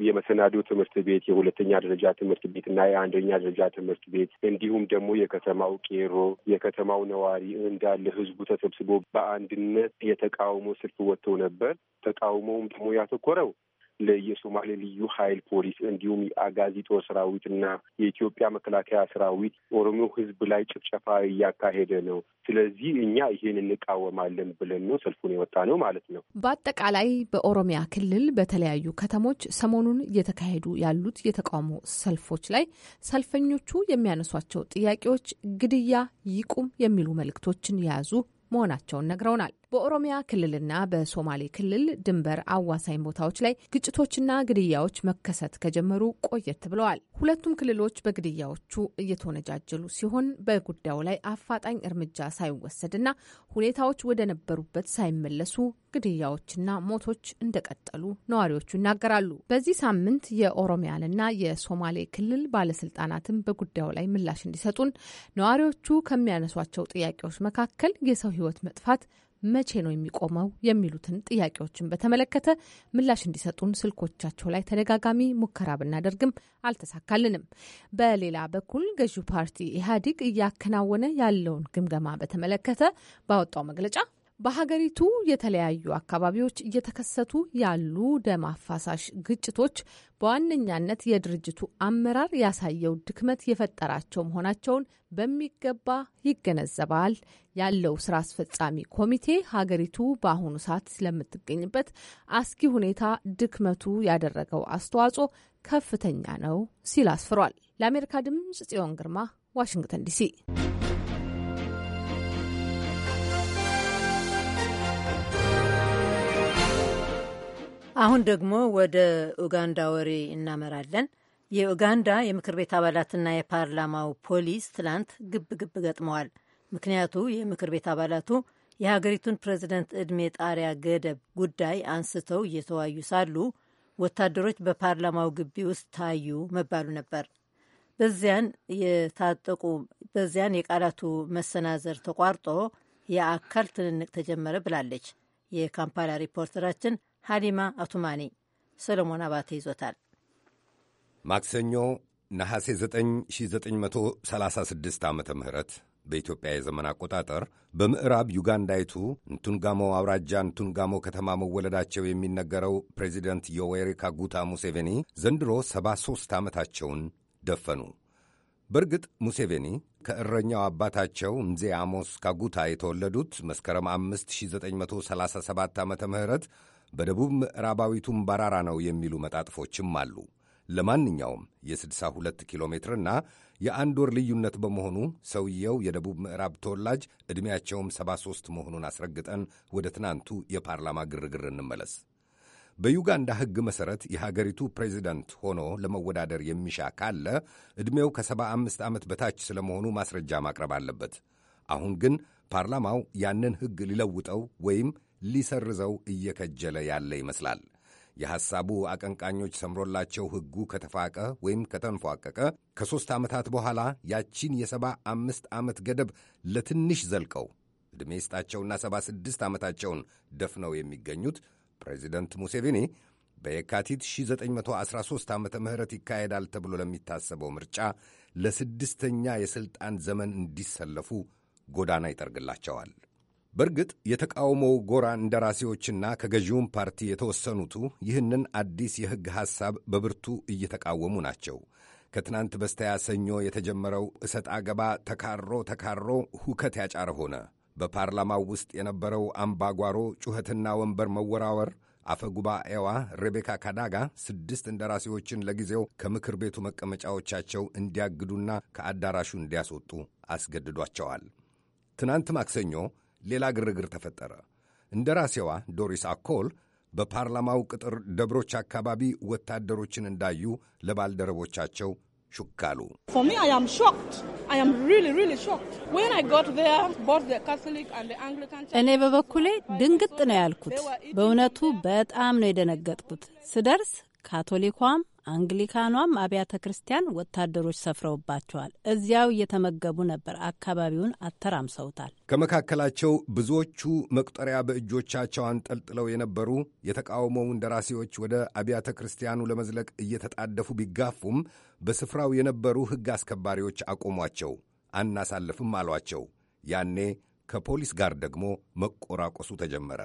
የመሰናዶ ትምህርት ቤት፣ የሁለተኛ ደረጃ ትምህርት ቤት እና የአንደኛ ደረጃ ትምህርት ቤት እንዲሁም ደግሞ የከተማው ቄሮ፣ የከተማው ነዋሪ እንዳለ ህዝቡ ተሰብስቦ በአንድነት የተቃውሞ ሰልፍ ወጥቶ ነበር። ተቃውሞውም ደግሞ ያተኮረው የሶማሌ ልዩ ኃይል ፖሊስ፣ እንዲሁም የአጋዚ ጦር እና የኢትዮጵያ መከላከያ ሰራዊት ኦሮሞ ህዝብ ላይ ጭፍጨፋ እያካሄደ ነው። ስለዚህ እኛ ይህን እንቃወማለን ብለን ነው ሰልፉን የወጣ ነው ማለት ነው። በአጠቃላይ በኦሮሚያ ክልል በተለያዩ ከተሞች ሰሞኑን እየተካሄዱ ያሉት የተቃውሞ ሰልፎች ላይ ሰልፈኞቹ የሚያነሷቸው ጥያቄዎች ግድያ ይቁም የሚሉ መልእክቶችን የያዙ መሆናቸውን ነግረውናል። በኦሮሚያ ክልልና በሶማሌ ክልል ድንበር አዋሳኝ ቦታዎች ላይ ግጭቶችና ግድያዎች መከሰት ከጀመሩ ቆየት ብለዋል። ሁለቱም ክልሎች በግድያዎቹ እየተወነጃጀሉ ሲሆን በጉዳዩ ላይ አፋጣኝ እርምጃ ሳይወሰድና ሁኔታዎች ወደ ነበሩበት ሳይመለሱ ግድያዎችና ሞቶች እንደቀጠሉ ነዋሪዎቹ ይናገራሉ። በዚህ ሳምንት የኦሮሚያንና የሶማሌ ክልል ባለስልጣናትን በጉዳዩ ላይ ምላሽ እንዲሰጡን ነዋሪዎቹ ከሚያነሷቸው ጥያቄዎች መካከል የሰው ሕይወት መጥፋት መቼ ነው የሚቆመው የሚሉትን ጥያቄዎችን በተመለከተ ምላሽ እንዲሰጡን ስልኮቻቸው ላይ ተደጋጋሚ ሙከራ ብናደርግም አልተሳካልንም። በሌላ በኩል ገዢው ፓርቲ ኢህአዲግ እያከናወነ ያለውን ግምገማ በተመለከተ ባወጣው መግለጫ በሀገሪቱ የተለያዩ አካባቢዎች እየተከሰቱ ያሉ ደም አፋሳሽ ግጭቶች በዋነኛነት የድርጅቱ አመራር ያሳየው ድክመት የፈጠራቸው መሆናቸውን በሚገባ ይገነዘባል ያለው ስራ አስፈጻሚ ኮሚቴ ሀገሪቱ በአሁኑ ሰዓት ስለምትገኝበት አስጊ ሁኔታ ድክመቱ ያደረገው አስተዋጽኦ ከፍተኛ ነው ሲል አስፍሯል። ለአሜሪካ ድምጽ ጽዮን ግርማ ዋሽንግተን ዲሲ አሁን ደግሞ ወደ ኡጋንዳ ወሬ እናመራለን። የኡጋንዳ የምክር ቤት አባላትና የፓርላማው ፖሊስ ትላንት ግብ ግብ ገጥመዋል። ምክንያቱ የምክር ቤት አባላቱ የሀገሪቱን ፕሬዚደንት ዕድሜ ጣሪያ ገደብ ጉዳይ አንስተው እየተወያዩ ሳሉ ወታደሮች በፓርላማው ግቢ ውስጥ ታዩ መባሉ ነበር። በዚያን የታጠቁ በዚያን የቃላቱ መሰናዘር ተቋርጦ የአካል ትንንቅ ተጀመረ ብላለች የካምፓላ ሪፖርተራችን ሃዲማ አቱማኒ። ሰለሞን አባተ ይዞታል። ማክሰኞ ነሐሴ 9936 ዓ ም በኢትዮጵያ የዘመን አቆጣጠር በምዕራብ ዩጋንዳይቱ ንቱንጋሞ አውራጃ ንቱንጋሞ ከተማ መወለዳቸው የሚነገረው ፕሬዚደንት ዮዌሪ ካጉታ ሙሴቬኒ ዘንድሮ 73 ዓመታቸውን ደፈኑ። በእርግጥ ሙሴቬኒ ከእረኛው አባታቸው ምዜ አሞስ ካጉታ የተወለዱት መስከረም 5937 ዓ ም በደቡብ ምዕራባዊቱም ባራራ ነው የሚሉ መጣጥፎችም አሉ። ለማንኛውም የ62 ኪሎ ሜትርና የአንድ ወር ልዩነት በመሆኑ ሰውየው የደቡብ ምዕራብ ተወላጅ ዕድሜያቸውም 73 መሆኑን አስረግጠን ወደ ትናንቱ የፓርላማ ግርግር እንመለስ። በዩጋንዳ ሕግ መሠረት የሀገሪቱ ፕሬዚደንት ሆኖ ለመወዳደር የሚሻ ካለ ዕድሜው ከ75 ዓመት በታች ስለመሆኑ ማስረጃ ማቅረብ አለበት። አሁን ግን ፓርላማው ያንን ሕግ ሊለውጠው ወይም ሊሰርዘው እየከጀለ ያለ ይመስላል። የሐሳቡ አቀንቃኞች ሰምሮላቸው ሕጉ ከተፋቀ ወይም ከተንፏቀቀ ከሦስት ዓመታት በኋላ ያቺን የሰባ አምስት ዓመት ገደብ ለትንሽ ዘልቀው ዕድሜ ስጣቸውና ሰባ ስድስት ዓመታቸውን ደፍነው የሚገኙት ፕሬዚደንት ሙሴቪኒ በየካቲት 1913 ዓ ም ይካሄዳል ተብሎ ለሚታሰበው ምርጫ ለስድስተኛ የሥልጣን ዘመን እንዲሰለፉ ጎዳና ይጠርግላቸዋል። በእርግጥ የተቃውሞው ጎራ እንደራሴዎችና ከገዢውም ፓርቲ የተወሰኑቱ ይህንን አዲስ የሕግ ሐሳብ በብርቱ እየተቃወሙ ናቸው። ከትናንት በስተያ ሰኞ የተጀመረው እሰጥ አገባ ተካሮ ተካሮ ሁከት ያጫረ ሆነ። በፓርላማው ውስጥ የነበረው አምባጓሮ ጩኸትና ወንበር መወራወር አፈ ጉባኤዋ ሬቤካ ካዳጋ ስድስት እንደራሴዎችን ለጊዜው ከምክር ቤቱ መቀመጫዎቻቸው እንዲያግዱና ከአዳራሹ እንዲያስወጡ አስገድዷቸዋል። ትናንት ማክሰኞ ሌላ ግርግር ተፈጠረ። እንደራሴዋ ዶሪስ አኮል በፓርላማው ቅጥር ደብሮች አካባቢ ወታደሮችን እንዳዩ ለባልደረቦቻቸው ሹክ አሉ። እኔ በበኩሌ ድንግጥ ነው ያልኩት። በእውነቱ በጣም ነው የደነገጥኩት። ስደርስ ካቶሊኳም አንግሊካኗም አብያተ ክርስቲያን ወታደሮች ሰፍረውባቸዋል። እዚያው እየተመገቡ ነበር። አካባቢውን አተራምሰውታል። ከመካከላቸው ብዙዎቹ መቁጠሪያ በእጆቻቸው አንጠልጥለው የነበሩ የተቃውሞው እንደራሴዎች ወደ አብያተ ክርስቲያኑ ለመዝለቅ እየተጣደፉ ቢጋፉም በስፍራው የነበሩ ሕግ አስከባሪዎች አቆሟቸው። አናሳልፍም አሏቸው። ያኔ ከፖሊስ ጋር ደግሞ መቆራቆሱ ተጀመረ።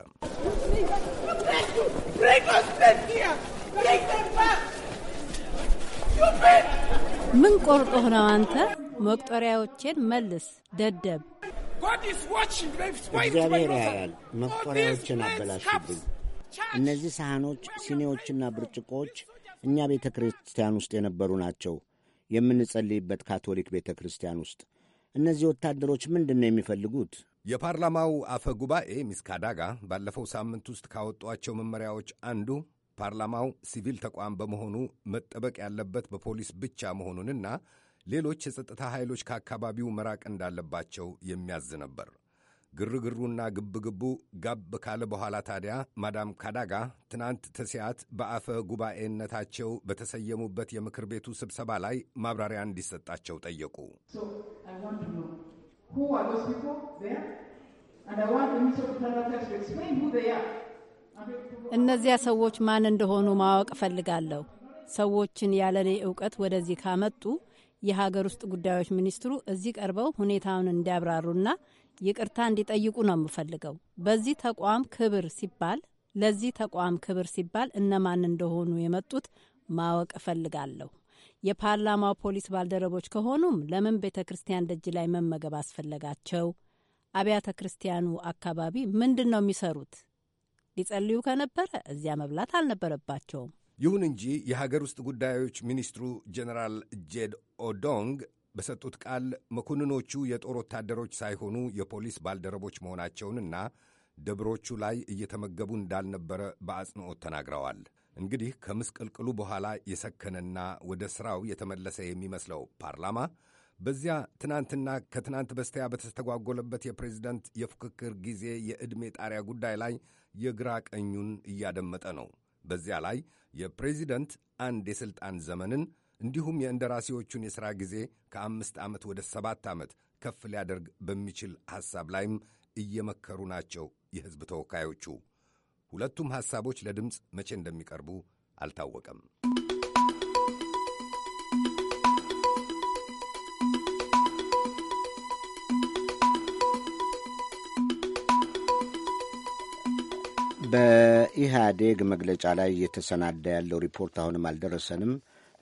ምን ቆርጦህ ነው አንተ? መቁጠሪያዎቼን መልስ ደደብ። እግዚአብሔር ያያል። መቁጠሪያዎችን አበላሽብኝ። እነዚህ ሳህኖች፣ ሲኔዎችና ብርጭቆዎች እኛ ቤተ ክርስቲያን ውስጥ የነበሩ ናቸው። የምንጸልይበት ካቶሊክ ቤተ ክርስቲያን ውስጥ እነዚህ ወታደሮች ምንድን ነው የሚፈልጉት? የፓርላማው አፈ ጉባኤ ሚስ ካዳጋ ባለፈው ሳምንት ውስጥ ካወጧቸው መመሪያዎች አንዱ ፓርላማው ሲቪል ተቋም በመሆኑ መጠበቅ ያለበት በፖሊስ ብቻ መሆኑንና ሌሎች የጸጥታ ኃይሎች ከአካባቢው መራቅ እንዳለባቸው የሚያዝ ነበር። ግርግሩና ግብግቡ ጋብ ካለ በኋላ ታዲያ ማዳም ካዳጋ ትናንት ተሲያት በአፈ ጉባኤነታቸው በተሰየሙበት የምክር ቤቱ ስብሰባ ላይ ማብራሪያ እንዲሰጣቸው ጠየቁ። እነዚያ ሰዎች ማን እንደሆኑ ማወቅ እፈልጋለሁ። ሰዎችን ያለኔ እውቀት ወደዚህ ካመጡ የሀገር ውስጥ ጉዳዮች ሚኒስትሩ እዚህ ቀርበው ሁኔታውን እንዲያብራሩና ይቅርታ እንዲጠይቁ ነው የምፈልገው። በዚህ ተቋም ክብር ሲባል ለዚህ ተቋም ክብር ሲባል እነማን እንደሆኑ የመጡት ማወቅ እፈልጋለሁ። የፓርላማው ፖሊስ ባልደረቦች ከሆኑም ለምን ቤተ ክርስቲያን ደጅ ላይ መመገብ አስፈለጋቸው? አብያተ ክርስቲያኑ አካባቢ ምንድን ነው የሚሰሩት? ሊጸልዩ ከነበረ እዚያ መብላት አልነበረባቸውም። ይሁን እንጂ የሀገር ውስጥ ጉዳዮች ሚኒስትሩ ጀኔራል ጄድ ኦዶንግ በሰጡት ቃል መኮንኖቹ የጦር ወታደሮች ሳይሆኑ የፖሊስ ባልደረቦች መሆናቸውንና ደብሮቹ ላይ እየተመገቡ እንዳልነበረ በአጽንኦት ተናግረዋል። እንግዲህ ከምስቅልቅሉ በኋላ የሰከነና ወደ ሥራው የተመለሰ የሚመስለው ፓርላማ በዚያ ትናንትና ከትናንት በስቲያ በተስተጓጎለበት የፕሬዚደንት የፉክክር ጊዜ የዕድሜ ጣሪያ ጉዳይ ላይ የግራ ቀኙን እያደመጠ ነው። በዚያ ላይ የፕሬዚደንት አንድ የሥልጣን ዘመንን እንዲሁም የእንደራሴዎቹን የሥራ ጊዜ ከአምስት ዓመት ወደ ሰባት ዓመት ከፍ ሊያደርግ በሚችል ሐሳብ ላይም እየመከሩ ናቸው የሕዝብ ተወካዮቹ። ሁለቱም ሐሳቦች ለድምፅ መቼ እንደሚቀርቡ አልታወቀም። በኢህአዴግ መግለጫ ላይ እየተሰናዳ ያለው ሪፖርት አሁንም አልደረሰንም፣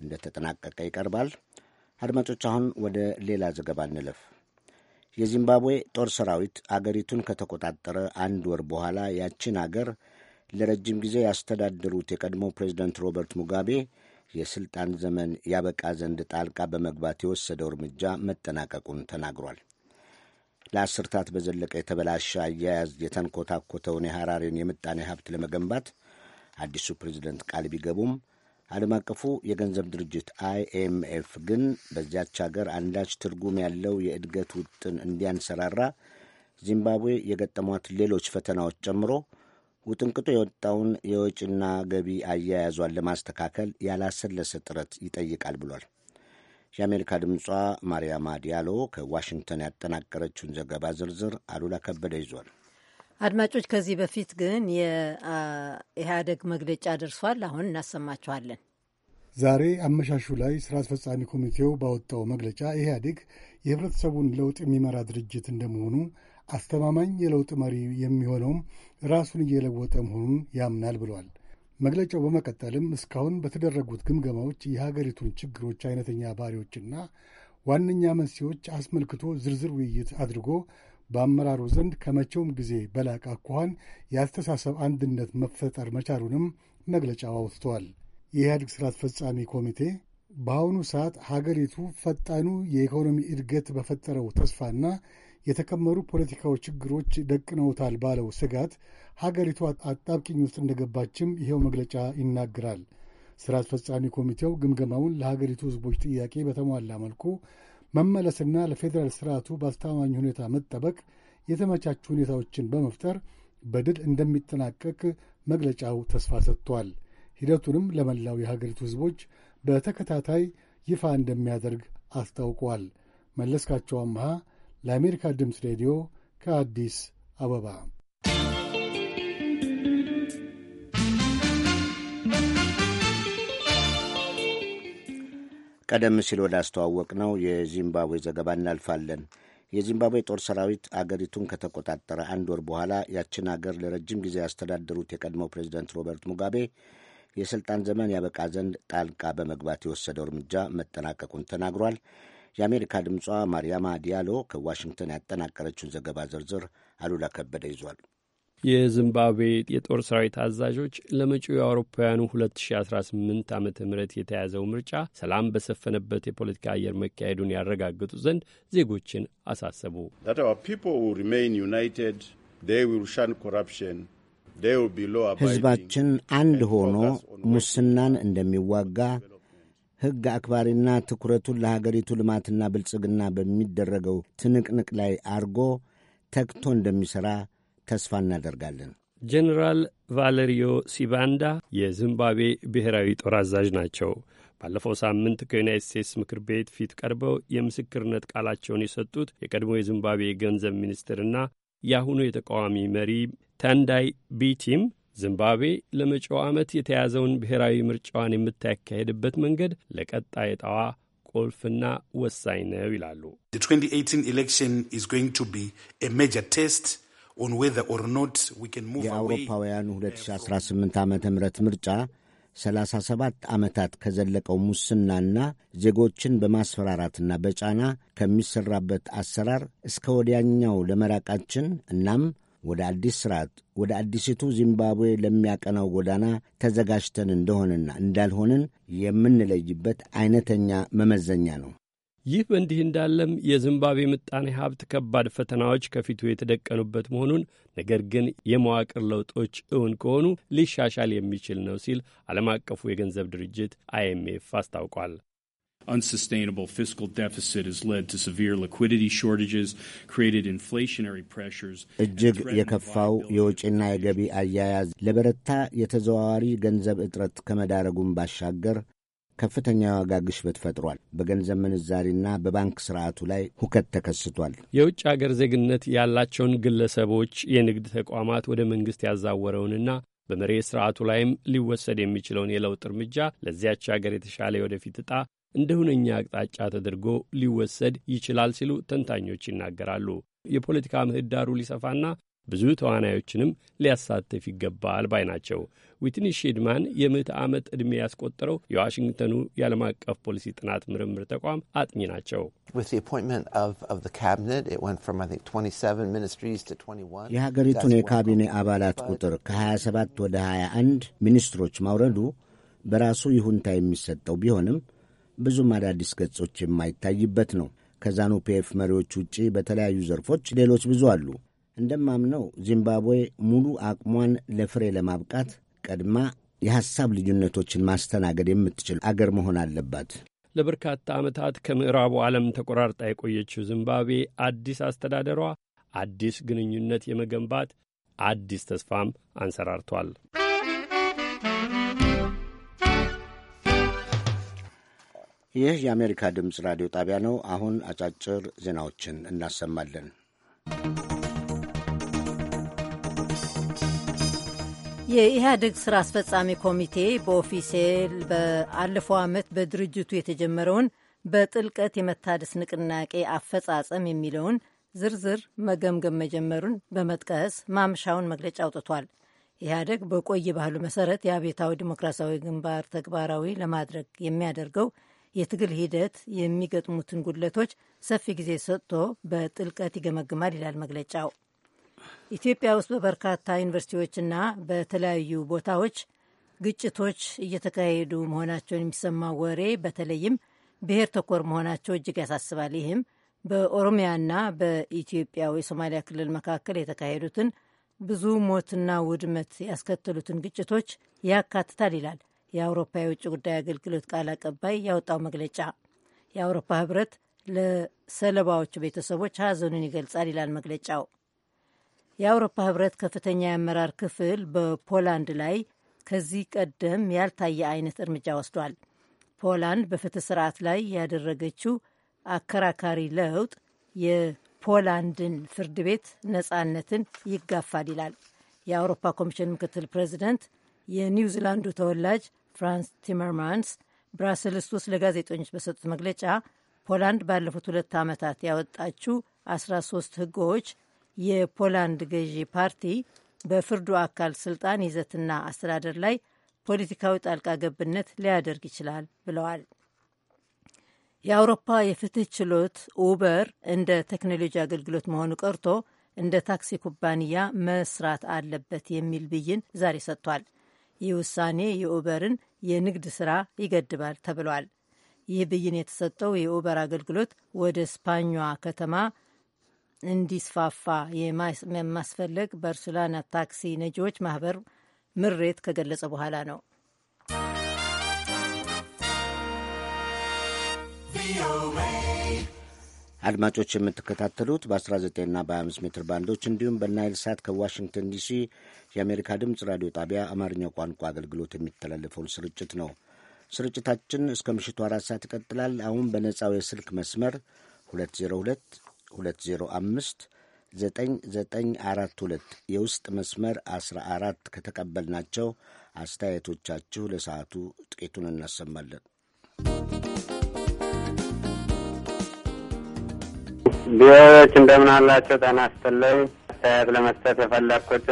እንደተጠናቀቀ ይቀርባል። አድማጮች፣ አሁን ወደ ሌላ ዘገባ እንለፍ። የዚምባብዌ ጦር ሰራዊት አገሪቱን ከተቆጣጠረ አንድ ወር በኋላ ያችን አገር ለረጅም ጊዜ ያስተዳደሩት የቀድሞ ፕሬዚደንት ሮበርት ሙጋቤ የስልጣን ዘመን ያበቃ ዘንድ ጣልቃ በመግባት የወሰደው እርምጃ መጠናቀቁን ተናግሯል። ለአስርታት በዘለቀ የተበላሸ አያያዝ የተንኮታኮተውን የሐራሬን የምጣኔ ሀብት ለመገንባት አዲሱ ፕሬዚደንት ቃል ቢገቡም ዓለም አቀፉ የገንዘብ ድርጅት አይኤምኤፍ ግን በዚያች ሀገር አንዳች ትርጉም ያለው የእድገት ውጥን እንዲያንሰራራ ዚምባብዌ የገጠሟት ሌሎች ፈተናዎች ጨምሮ ውጥንቅጡ የወጣውን የወጪና ገቢ አያያዟን ለማስተካከል ያላሰለሰ ጥረት ይጠይቃል ብሏል። የአሜሪካ ድምጿ ማሪያማ ዲያሎ ከዋሽንግተን ያጠናቀረችውን ዘገባ ዝርዝር አሉላ ከበደ ይዟል። አድማጮች፣ ከዚህ በፊት ግን የኢህአደግ መግለጫ ደርሷል። አሁን እናሰማችኋለን። ዛሬ አመሻሹ ላይ ስራ አስፈጻሚ ኮሚቴው ባወጣው መግለጫ ኢህአዴግ የህብረተሰቡን ለውጥ የሚመራ ድርጅት እንደመሆኑ አስተማማኝ የለውጥ መሪ የሚሆነውም ራሱን እየለወጠ መሆኑን ያምናል ብሏል። መግለጫው በመቀጠልም እስካሁን በተደረጉት ግምገማዎች የሀገሪቱን ችግሮች አይነተኛ ባህሪዎችና ዋነኛ መንስኤዎች አስመልክቶ ዝርዝር ውይይት አድርጎ በአመራሩ ዘንድ ከመቼውም ጊዜ በላቀ አኳኋን የአስተሳሰብ አንድነት መፈጠር መቻሉንም መግለጫው አውስተዋል። የኢህአዴግ ሥራ አስፈጻሚ ኮሚቴ በአሁኑ ሰዓት ሀገሪቱ ፈጣኑ የኢኮኖሚ እድገት በፈጠረው ተስፋና የተከመሩ ፖለቲካዊ ችግሮች ደቅነውታል ባለው ስጋት ሀገሪቱ አጣብቂኝ ውስጥ እንደገባችም ይኸው መግለጫ ይናገራል። ሥራ አስፈጻሚ ኮሚቴው ግምገማውን ለሀገሪቱ ሕዝቦች ጥያቄ በተሟላ መልኩ መመለስና ለፌዴራል ስርዓቱ በአስተማማኝ ሁኔታ መጠበቅ የተመቻቹ ሁኔታዎችን በመፍጠር በድል እንደሚጠናቀቅ መግለጫው ተስፋ ሰጥቷል። ሂደቱንም ለመላው የሀገሪቱ ሕዝቦች በተከታታይ ይፋ እንደሚያደርግ አስታውቋል። መለስካቸው አምሃ ለአሜሪካ ድምፅ ሬዲዮ ከአዲስ አበባ ቀደም ሲል ወዳስተዋወቅ ነው የዚምባብዌ ዘገባ እናልፋለን። የዚምባብዌ ጦር ሰራዊት አገሪቱን ከተቆጣጠረ አንድ ወር በኋላ ያችን አገር ለረጅም ጊዜ ያስተዳደሩት የቀድሞው ፕሬዚደንት ሮበርት ሙጋቤ የሥልጣን ዘመን ያበቃ ዘንድ ጣልቃ በመግባት የወሰደው እርምጃ መጠናቀቁን ተናግሯል። የአሜሪካ ድምጿ ማርያማ ዲያሎ ከዋሽንግተን ያጠናቀረችውን ዘገባ ዝርዝር አሉላ ከበደ ይዟል። የዚምባብዌ የጦር ሰራዊት አዛዦች ለመጪው የአውሮፓውያኑ 2018 ዓ ም የተያዘው ምርጫ ሰላም በሰፈነበት የፖለቲካ አየር መካሄዱን ያረጋግጡ ዘንድ ዜጎችን አሳሰቡ። ሕዝባችን አንድ ሆኖ ሙስናን እንደሚዋጋ ሕግ አክባሪና ትኩረቱን ለሀገሪቱ ልማትና ብልጽግና በሚደረገው ትንቅንቅ ላይ አድርጎ ተግቶ እንደሚሠራ ተስፋ እናደርጋለን። ጄኔራል ቫለሪዮ ሲባንዳ የዚምባብዌ ብሔራዊ ጦር አዛዥ ናቸው። ባለፈው ሳምንት ከዩናይት ስቴትስ ምክር ቤት ፊት ቀርበው የምስክርነት ቃላቸውን የሰጡት የቀድሞ የዚምባብዌ ገንዘብ ሚኒስትርና የአሁኑ የተቃዋሚ መሪ ተንዳይ ቢቲም ዚምባብዌ ለመጪው ዓመት የተያዘውን ብሔራዊ ምርጫዋን የምታካሄድበት መንገድ ለቀጣይ ዕጣዋ ቁልፍና ወሳኝ ነው ይላሉ። የአውሮፓውያኑ 2018 ዓ ም ምርጫ 37 ዓመታት ከዘለቀው ሙስናና ዜጎችን በማስፈራራትና በጫና ከሚሠራበት አሰራር እስከ ወዲያኛው ለመራቃችን እናም ወደ አዲስ ስርዓት ወደ አዲሲቱ ዚምባብዌ ለሚያቀናው ጎዳና ተዘጋጅተን እንደሆነና እንዳልሆንን የምንለይበት አይነተኛ መመዘኛ ነው። ይህ በእንዲህ እንዳለም የዚምባብዌ ምጣኔ ሀብት ከባድ ፈተናዎች ከፊቱ የተደቀኑበት መሆኑን ነገር ግን የመዋቅር ለውጦች እውን ከሆኑ ሊሻሻል የሚችል ነው ሲል ዓለም አቀፉ የገንዘብ ድርጅት አይኤምኤፍ አስታውቋል። unsustainable fiscal deficit has led to severe liquidity shortages, created inflationary pressures. እጅግ የከፋው የወጪና የገቢ አያያዝ ለበረታ የተዘዋዋሪ ገንዘብ እጥረት ከመዳረጉም ባሻገር ከፍተኛ የዋጋ ግሽበት ፈጥሯል። በገንዘብ ምንዛሪና በባንክ ስርዓቱ ላይ ሁከት ተከስቷል። የውጭ አገር ዜግነት ያላቸውን ግለሰቦች፣ የንግድ ተቋማት ወደ መንግሥት ያዛወረውንና በመሬት ስርዓቱ ላይም ሊወሰድ የሚችለውን የለውጥ እርምጃ ለዚያች አገር የተሻለ የወደፊት ዕጣ እንደ ሁነኛ አቅጣጫ ተደርጎ ሊወሰድ ይችላል ሲሉ ተንታኞች ይናገራሉ። የፖለቲካ ምህዳሩ ሊሰፋና ብዙ ተዋናዮችንም ሊያሳትፍ ይገባል ባይ ናቸው። ዊትኒ ሼድማን የምዕተ ዓመት ዕድሜ ያስቆጠረው የዋሽንግተኑ የዓለም አቀፍ ፖሊሲ ጥናት ምርምር ተቋም አጥኚ ናቸው። የሀገሪቱን የካቢኔ አባላት ቁጥር ከ27 ወደ 21 ሚኒስትሮች ማውረዱ በራሱ ይሁንታ የሚሰጠው ቢሆንም ብዙም አዳዲስ ገጾች የማይታይበት ነው። ከዛኑ ፒኤፍ መሪዎች ውጪ በተለያዩ ዘርፎች ሌሎች ብዙ አሉ። እንደማምነው ዚምባብዌ ሙሉ አቅሟን ለፍሬ ለማብቃት ቀድማ የሐሳብ ልዩነቶችን ማስተናገድ የምትችል አገር መሆን አለባት። ለበርካታ ዓመታት ከምዕራቡ ዓለም ተቆራርጣ የቆየችው ዚምባብዌ አዲስ አስተዳደሯ አዲስ ግንኙነት የመገንባት አዲስ ተስፋም አንሰራርቷል። ይህ የአሜሪካ ድምፅ ራዲዮ ጣቢያ ነው። አሁን አጫጭር ዜናዎችን እናሰማለን። የኢህአዴግ ሥራ አስፈጻሚ ኮሚቴ በኦፊሴል በአለፈው ዓመት በድርጅቱ የተጀመረውን በጥልቀት የመታደስ ንቅናቄ አፈጻጸም የሚለውን ዝርዝር መገምገም መጀመሩን በመጥቀስ ማምሻውን መግለጫ አውጥቷል። ኢህአዴግ በቆየ ባህሉ መሰረት የአብዮታዊ ዲሞክራሲያዊ ግንባር ተግባራዊ ለማድረግ የሚያደርገው የትግል ሂደት የሚገጥሙትን ጉድለቶች ሰፊ ጊዜ ሰጥቶ በጥልቀት ይገመግማል ይላል መግለጫው። ኢትዮጵያ ውስጥ በበርካታ ዩኒቨርሲቲዎችና በተለያዩ ቦታዎች ግጭቶች እየተካሄዱ መሆናቸውን የሚሰማ ወሬ በተለይም ብሔር ተኮር መሆናቸው እጅግ ያሳስባል። ይህም በኦሮሚያና በኢትዮጵያ የሶማሊያ ክልል መካከል የተካሄዱትን ብዙ ሞትና ውድመት ያስከተሉትን ግጭቶች ያካትታል ይላል የአውሮፓ የውጭ ጉዳይ አገልግሎት ቃል አቀባይ ያወጣው መግለጫ የአውሮፓ ህብረት ለሰለባዎቹ ቤተሰቦች ሀዘኑን ይገልጻል ይላል መግለጫው። የአውሮፓ ህብረት ከፍተኛ የአመራር ክፍል በፖላንድ ላይ ከዚህ ቀደም ያልታየ አይነት እርምጃ ወስዷል። ፖላንድ በፍትህ ስርዓት ላይ ያደረገችው አከራካሪ ለውጥ የፖላንድን ፍርድ ቤት ነጻነትን ይጋፋል ይላል። የአውሮፓ ኮሚሽን ምክትል ፕሬዚደንት የኒውዚላንዱ ተወላጅ ፍራንስ ቲመርማንስ ብራስልስ ውስጥ ለጋዜጠኞች በሰጡት መግለጫ ፖላንድ ባለፉት ሁለት ዓመታት ያወጣችው 13 ህጎች የፖላንድ ገዢ ፓርቲ በፍርዱ አካል ስልጣን ይዘትና አስተዳደር ላይ ፖለቲካዊ ጣልቃ ገብነት ሊያደርግ ይችላል ብለዋል። የአውሮፓ የፍትህ ችሎት ኡበር እንደ ቴክኖሎጂ አገልግሎት መሆኑ ቀርቶ እንደ ታክሲ ኩባንያ መስራት አለበት የሚል ብይን ዛሬ ሰጥቷል። ይህ ውሳኔ የኡበርን የንግድ ስራ ይገድባል ተብሏል። ይህ ብይን የተሰጠው የኡበር አገልግሎት ወደ ስፓኛ ከተማ እንዲስፋፋ የማስፈለግ ባርሴሎና ታክሲ ነጂዎች ማህበር ምሬት ከገለጸ በኋላ ነው። ቪኦኤ አድማጮች የምትከታተሉት በ19ና በ25 ሜትር ባንዶች እንዲሁም በናይል ሳት ከዋሽንግተን ዲሲ የአሜሪካ ድምፅ ራዲዮ ጣቢያ አማርኛው ቋንቋ አገልግሎት የሚተላለፈውን ስርጭት ነው። ስርጭታችን እስከ ምሽቱ አራት ሰዓት ይቀጥላል። አሁን በነጻው የስልክ መስመር 2022059942 የውስጥ መስመር 14 ከተቀበልናቸው አስተያየቶቻችሁ ለሰዓቱ ጥቂቱን እናሰማለን። ቢዎች እንደምን አላቸው? ጤና ይስጥልኝ። አስተያየት ለመስጠት የፈለግኩት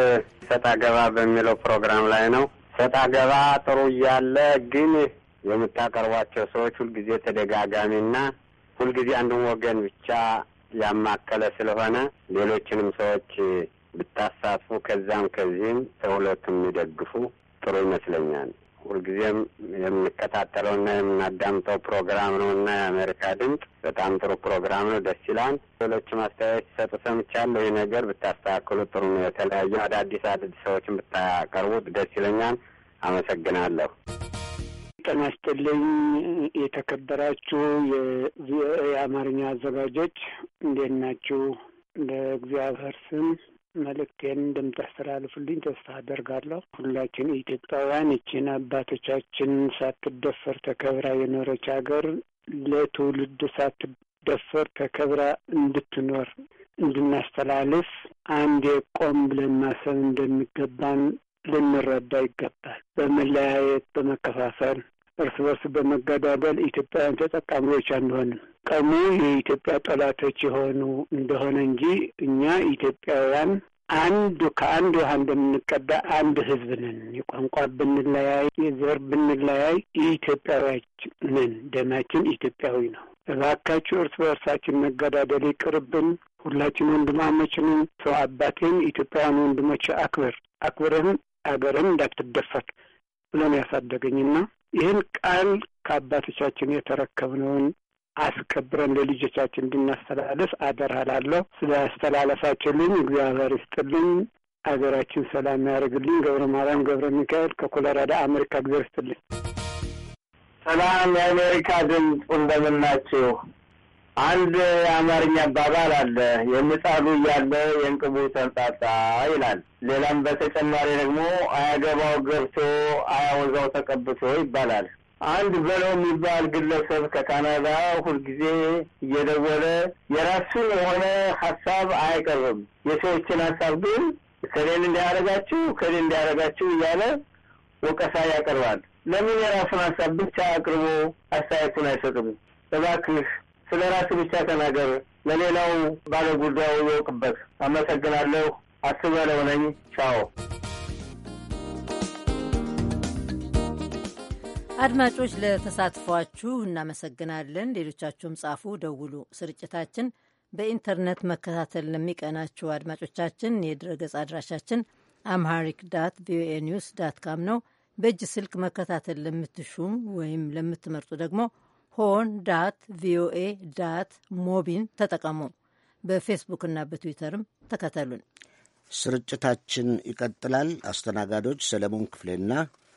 ሰጥ አገባ በሚለው ፕሮግራም ላይ ነው። ሰጥ አገባ ጥሩ እያለ ግን የምታቀርቧቸው ሰዎች ሁልጊዜ ተደጋጋሚና ሁልጊዜ አንዱን ወገን ብቻ ያማከለ ስለሆነ ሌሎችንም ሰዎች ብታሳትፉ ከዛም ከዚህም ተሁለቱም የሚደግፉ ጥሩ ይመስለኛል። ሁልጊዜም የምንከታተለውና የምናዳምጠው ፕሮግራም ነው እና የአሜሪካ ድምፅ በጣም ጥሩ ፕሮግራም ነው። ደስ ይላል። ሌሎች አስተያየት ሲሰጡ ሰምቻለሁ። ይህ ነገር ብታስተካክሉ ጥሩ ነው። የተለያዩ አዳዲስ አዲስ ሰዎችን ብታቀርቡት ደስ ይለኛል። አመሰግናለሁ። ጤና ይስጥልኝ። የተከበራችሁ የቪኦኤ አማርኛ አዘጋጆች እንዴት ናችሁ? ለእግዚአብሔር ስም መልእክቴን እንደምታስተላልፍልኝ ተስፋ አደርጋለሁ። ሁላችን ኢትዮጵያውያን ይችን አባቶቻችን ሳትደፈር ተከብራ የኖረች ሀገር ለትውልድ ሳትደፈር ተከብራ እንድትኖር እንድናስተላልፍ አንድ ቆም ብለን ማሰብ እንደሚገባን ልንረዳ ይገባል። በመለያየት፣ በመከፋፈል፣ እርስ በርስ በመገዳደል ኢትዮጵያውያን ተጠቃሚዎች አንሆንም። ቀሙ የኢትዮጵያ ጠላቶች የሆኑ እንደሆነ እንጂ እኛ ኢትዮጵያውያን አንዱ ከአንድ ውሃ እንደምንቀዳ አንድ ህዝብ ነን። የቋንቋ ብንለያይ፣ የዘር ብንለያይ ኢትዮጵያውያች ነን። ደማችን ኢትዮጵያዊ ነው። እባካችሁ እርስ በእርሳችን መገዳደል ይቅርብን። ሁላችን ወንድማሞች ነን። ሰው አባቴን ኢትዮጵያውያን ወንድሞች አክብር፣ አክብረህም አገርን እንዳትደፈር ብሎ ያሳደገኝና ይህን ቃል ከአባቶቻችን የተረከብነውን አስከብረን ለልጆቻችን እንድናስተላለፍ አደራላለሁ። ስለ አስተላለፋችሁልኝ እግዚአብሔር ይስጥልኝ። ሀገራችን ሰላም ያደርግልኝ። ገብረ ማርያም ገብረ ሚካኤል ከኮሎራዶ አሜሪካ። እግዚአብሔር ይስጥልኝ። ሰላም የአሜሪካ ድምፅ እንደምናችሁ። አንድ የአማርኛ አባባል አለ፣ የምጣዱ እያለ የእንቅቡ ተንጣጣ ይላል። ሌላም በተጨማሪ ደግሞ አያገባው ገብቶ አያወዛው ተቀብቶ ይባላል። አንድ በለው የሚባል ግለሰብ ከካናዳ ሁልጊዜ እየደወለ የራሱን የሆነ ሀሳብ አይቀርብም። የሰዎችን ሀሳብ ግን ከሌን እንዲያደረጋችሁ ከሌን እንዲያደረጋችሁ እያለ ወቀሳ ያቀርባል። ለምን የራሱን ሀሳብ ብቻ አቅርቦ አስተያየቱን አይሰጥም? እባክህ ስለ ራሱ ብቻ ተናገር፣ ለሌላው ባለጉዳዩ ይወቅበት። አመሰግናለሁ። አስበለው ነኝ። ቻው አድማጮች ለተሳትፏችሁ እናመሰግናለን። ሌሎቻችሁም ጻፉ፣ ደውሉ። ስርጭታችን በኢንተርኔት መከታተል ለሚቀናችሁ አድማጮቻችን የድረገጽ አድራሻችን አምሃሪክ ዳት ቪኦኤ ኒውስ ዳት ካም ነው። በእጅ ስልክ መከታተል ለምትሹ ወይም ለምትመርጡ ደግሞ ሆን ዳት ቪኦኤ ዳት ሞቢን ተጠቀሙ። በፌስቡክና በትዊተርም ተከተሉን። ስርጭታችን ይቀጥላል። አስተናጋዶች ሰለሞን ክፍሌና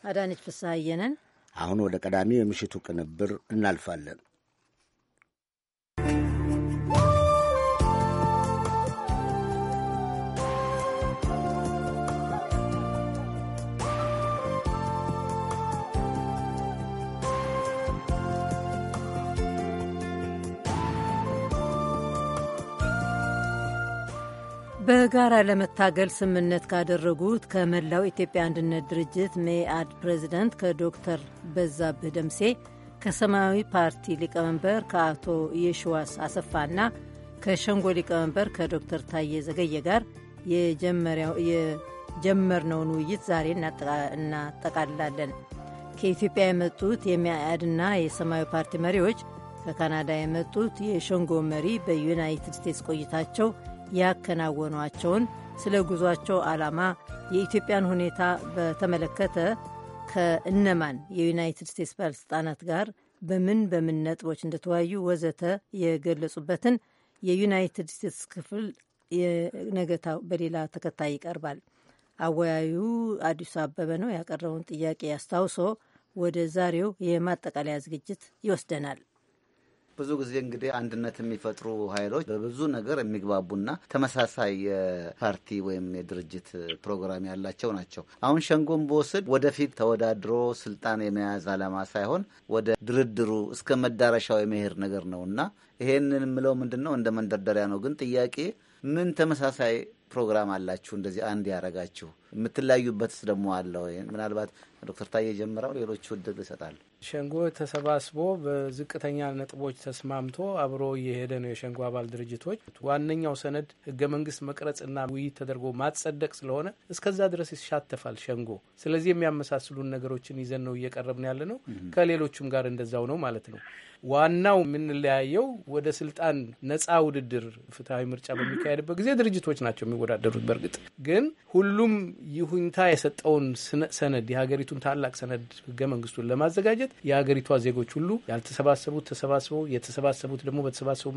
አዳነች የነን። አሁን ወደ ቀዳሚው የምሽቱ ቅንብር እናልፋለን። በጋራ ለመታገል ስምምነት ካደረጉት ከመላው ኢትዮጵያ አንድነት ድርጅት ሜአድ ፕሬዚደንት ከዶክተር በዛብህ ደምሴ ከሰማያዊ ፓርቲ ሊቀመንበር ከአቶ የሽዋስ አሰፋና ከሸንጎ ሊቀመንበር ከዶክተር ታዬ ዘገየ ጋር የጀመርነውን ውይይት ዛሬ እናጠቃልላለን። ከኢትዮጵያ የመጡት የመኢአድና የሰማያዊ ፓርቲ መሪዎች፣ ከካናዳ የመጡት የሸንጎ መሪ በዩናይትድ ስቴትስ ቆይታቸው ያከናወኗቸውን ስለ ጉዟቸው ዓላማ፣ የኢትዮጵያን ሁኔታ በተመለከተ ከእነማን የዩናይትድ ስቴትስ ባለሥልጣናት ጋር በምን በምን ነጥቦች እንደተወያዩ ወዘተ የገለጹበትን የዩናይትድ ስቴትስ ክፍል ነገታ በሌላ ተከታይ ይቀርባል። አወያዩ አዲሱ አበበ ነው። ያቀረበውን ጥያቄ አስታውሶ ወደ ዛሬው የማጠቃለያ ዝግጅት ይወስደናል። ብዙ ጊዜ እንግዲህ አንድነት የሚፈጥሩ ኃይሎች በብዙ ነገር የሚግባቡና ተመሳሳይ የፓርቲ ወይም የድርጅት ፕሮግራም ያላቸው ናቸው። አሁን ሸንጎን በወስድ ወደፊት ተወዳድሮ ስልጣን የመያዝ ዓላማ ሳይሆን ወደ ድርድሩ እስከ መዳረሻው የመሄድ ነገር ነው እና ይሄንን የምለው ምንድን ነው እንደ መንደርደሪያ ነው። ግን ጥያቄ ምን ተመሳሳይ ፕሮግራም አላችሁ እንደዚህ አንድ ያረጋችሁ? የምትለያዩበትስ ደግሞ አለ ወይ? ምናልባት ዶክተር ታዬ ጀምረው ሌሎቹ እድል ይሰጣል። ሸንጎ ተሰባስቦ በዝቅተኛ ነጥቦች ተስማምቶ አብሮ እየሄደ ነው። የሸንጎ አባል ድርጅቶች ዋነኛው ሰነድ ህገ መንግስት መቅረጽና ውይይት ተደርጎ ማጸደቅ ስለሆነ እስከዛ ድረስ ይሻተፋል ሸንጎ። ስለዚህ የሚያመሳስሉን ነገሮችን ይዘን ነው እየቀረብን ያለ ነው። ከሌሎቹም ጋር እንደዛው ነው ማለት ነው። ዋናው የምንለያየው ወደ ስልጣን ነጻ ውድድር ፍትሐዊ ምርጫ በሚካሄድበት ጊዜ ድርጅቶች ናቸው የሚወዳደሩት። በእርግጥ ግን ሁሉም ይሁኝታ የሰጠውን ሰነድ የሀገሪቱን ታላቅ ሰነድ ህገ መንግስቱን ለማዘጋጀት የሀገሪቷ ዜጎች ሁሉ ያልተሰባሰቡት ተሰባስበው፣ የተሰባሰቡት ደግሞ በተሰባሰቡ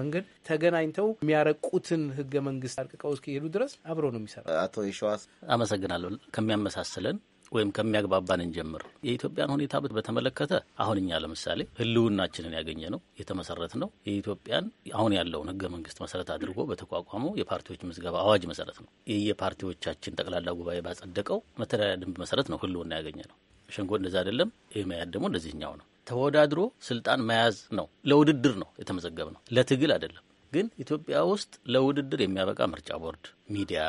መንገድ ተገናኝተው የሚያረቁትን ህገ መንግስት አርቅቀው እስከሄዱ ድረስ አብረው ነው የሚሰራ። አቶ ይሸዋስ አመሰግናለሁ። ከሚያመሳስለን ወይም ከሚያግባባን እንጀምር። የኢትዮጵያን ሁኔታ በተመለከተ አሁን እኛ ለምሳሌ ህልውናችንን ያገኘ ነው የተመሰረት ነው የኢትዮጵያን አሁን ያለውን ህገ መንግስት መሰረት አድርጎ በተቋቋመው የፓርቲዎች ምዝገባ አዋጅ መሰረት ነው። የየፓርቲዎቻችን ጠቅላላ ጉባኤ ባጸደቀው መተዳደሪያ ደንብ መሰረት ነው ህልውና ያገኘ ነው። ሸንጎ እንደዛ አይደለም። ይህ መያድ ደግሞ እንደዚህኛው ነው። ተወዳድሮ ስልጣን መያዝ ነው። ለውድድር ነው የተመዘገብ ነው፣ ለትግል አይደለም። ግን ኢትዮጵያ ውስጥ ለውድድር የሚያበቃ ምርጫ ቦርድ፣ ሚዲያ፣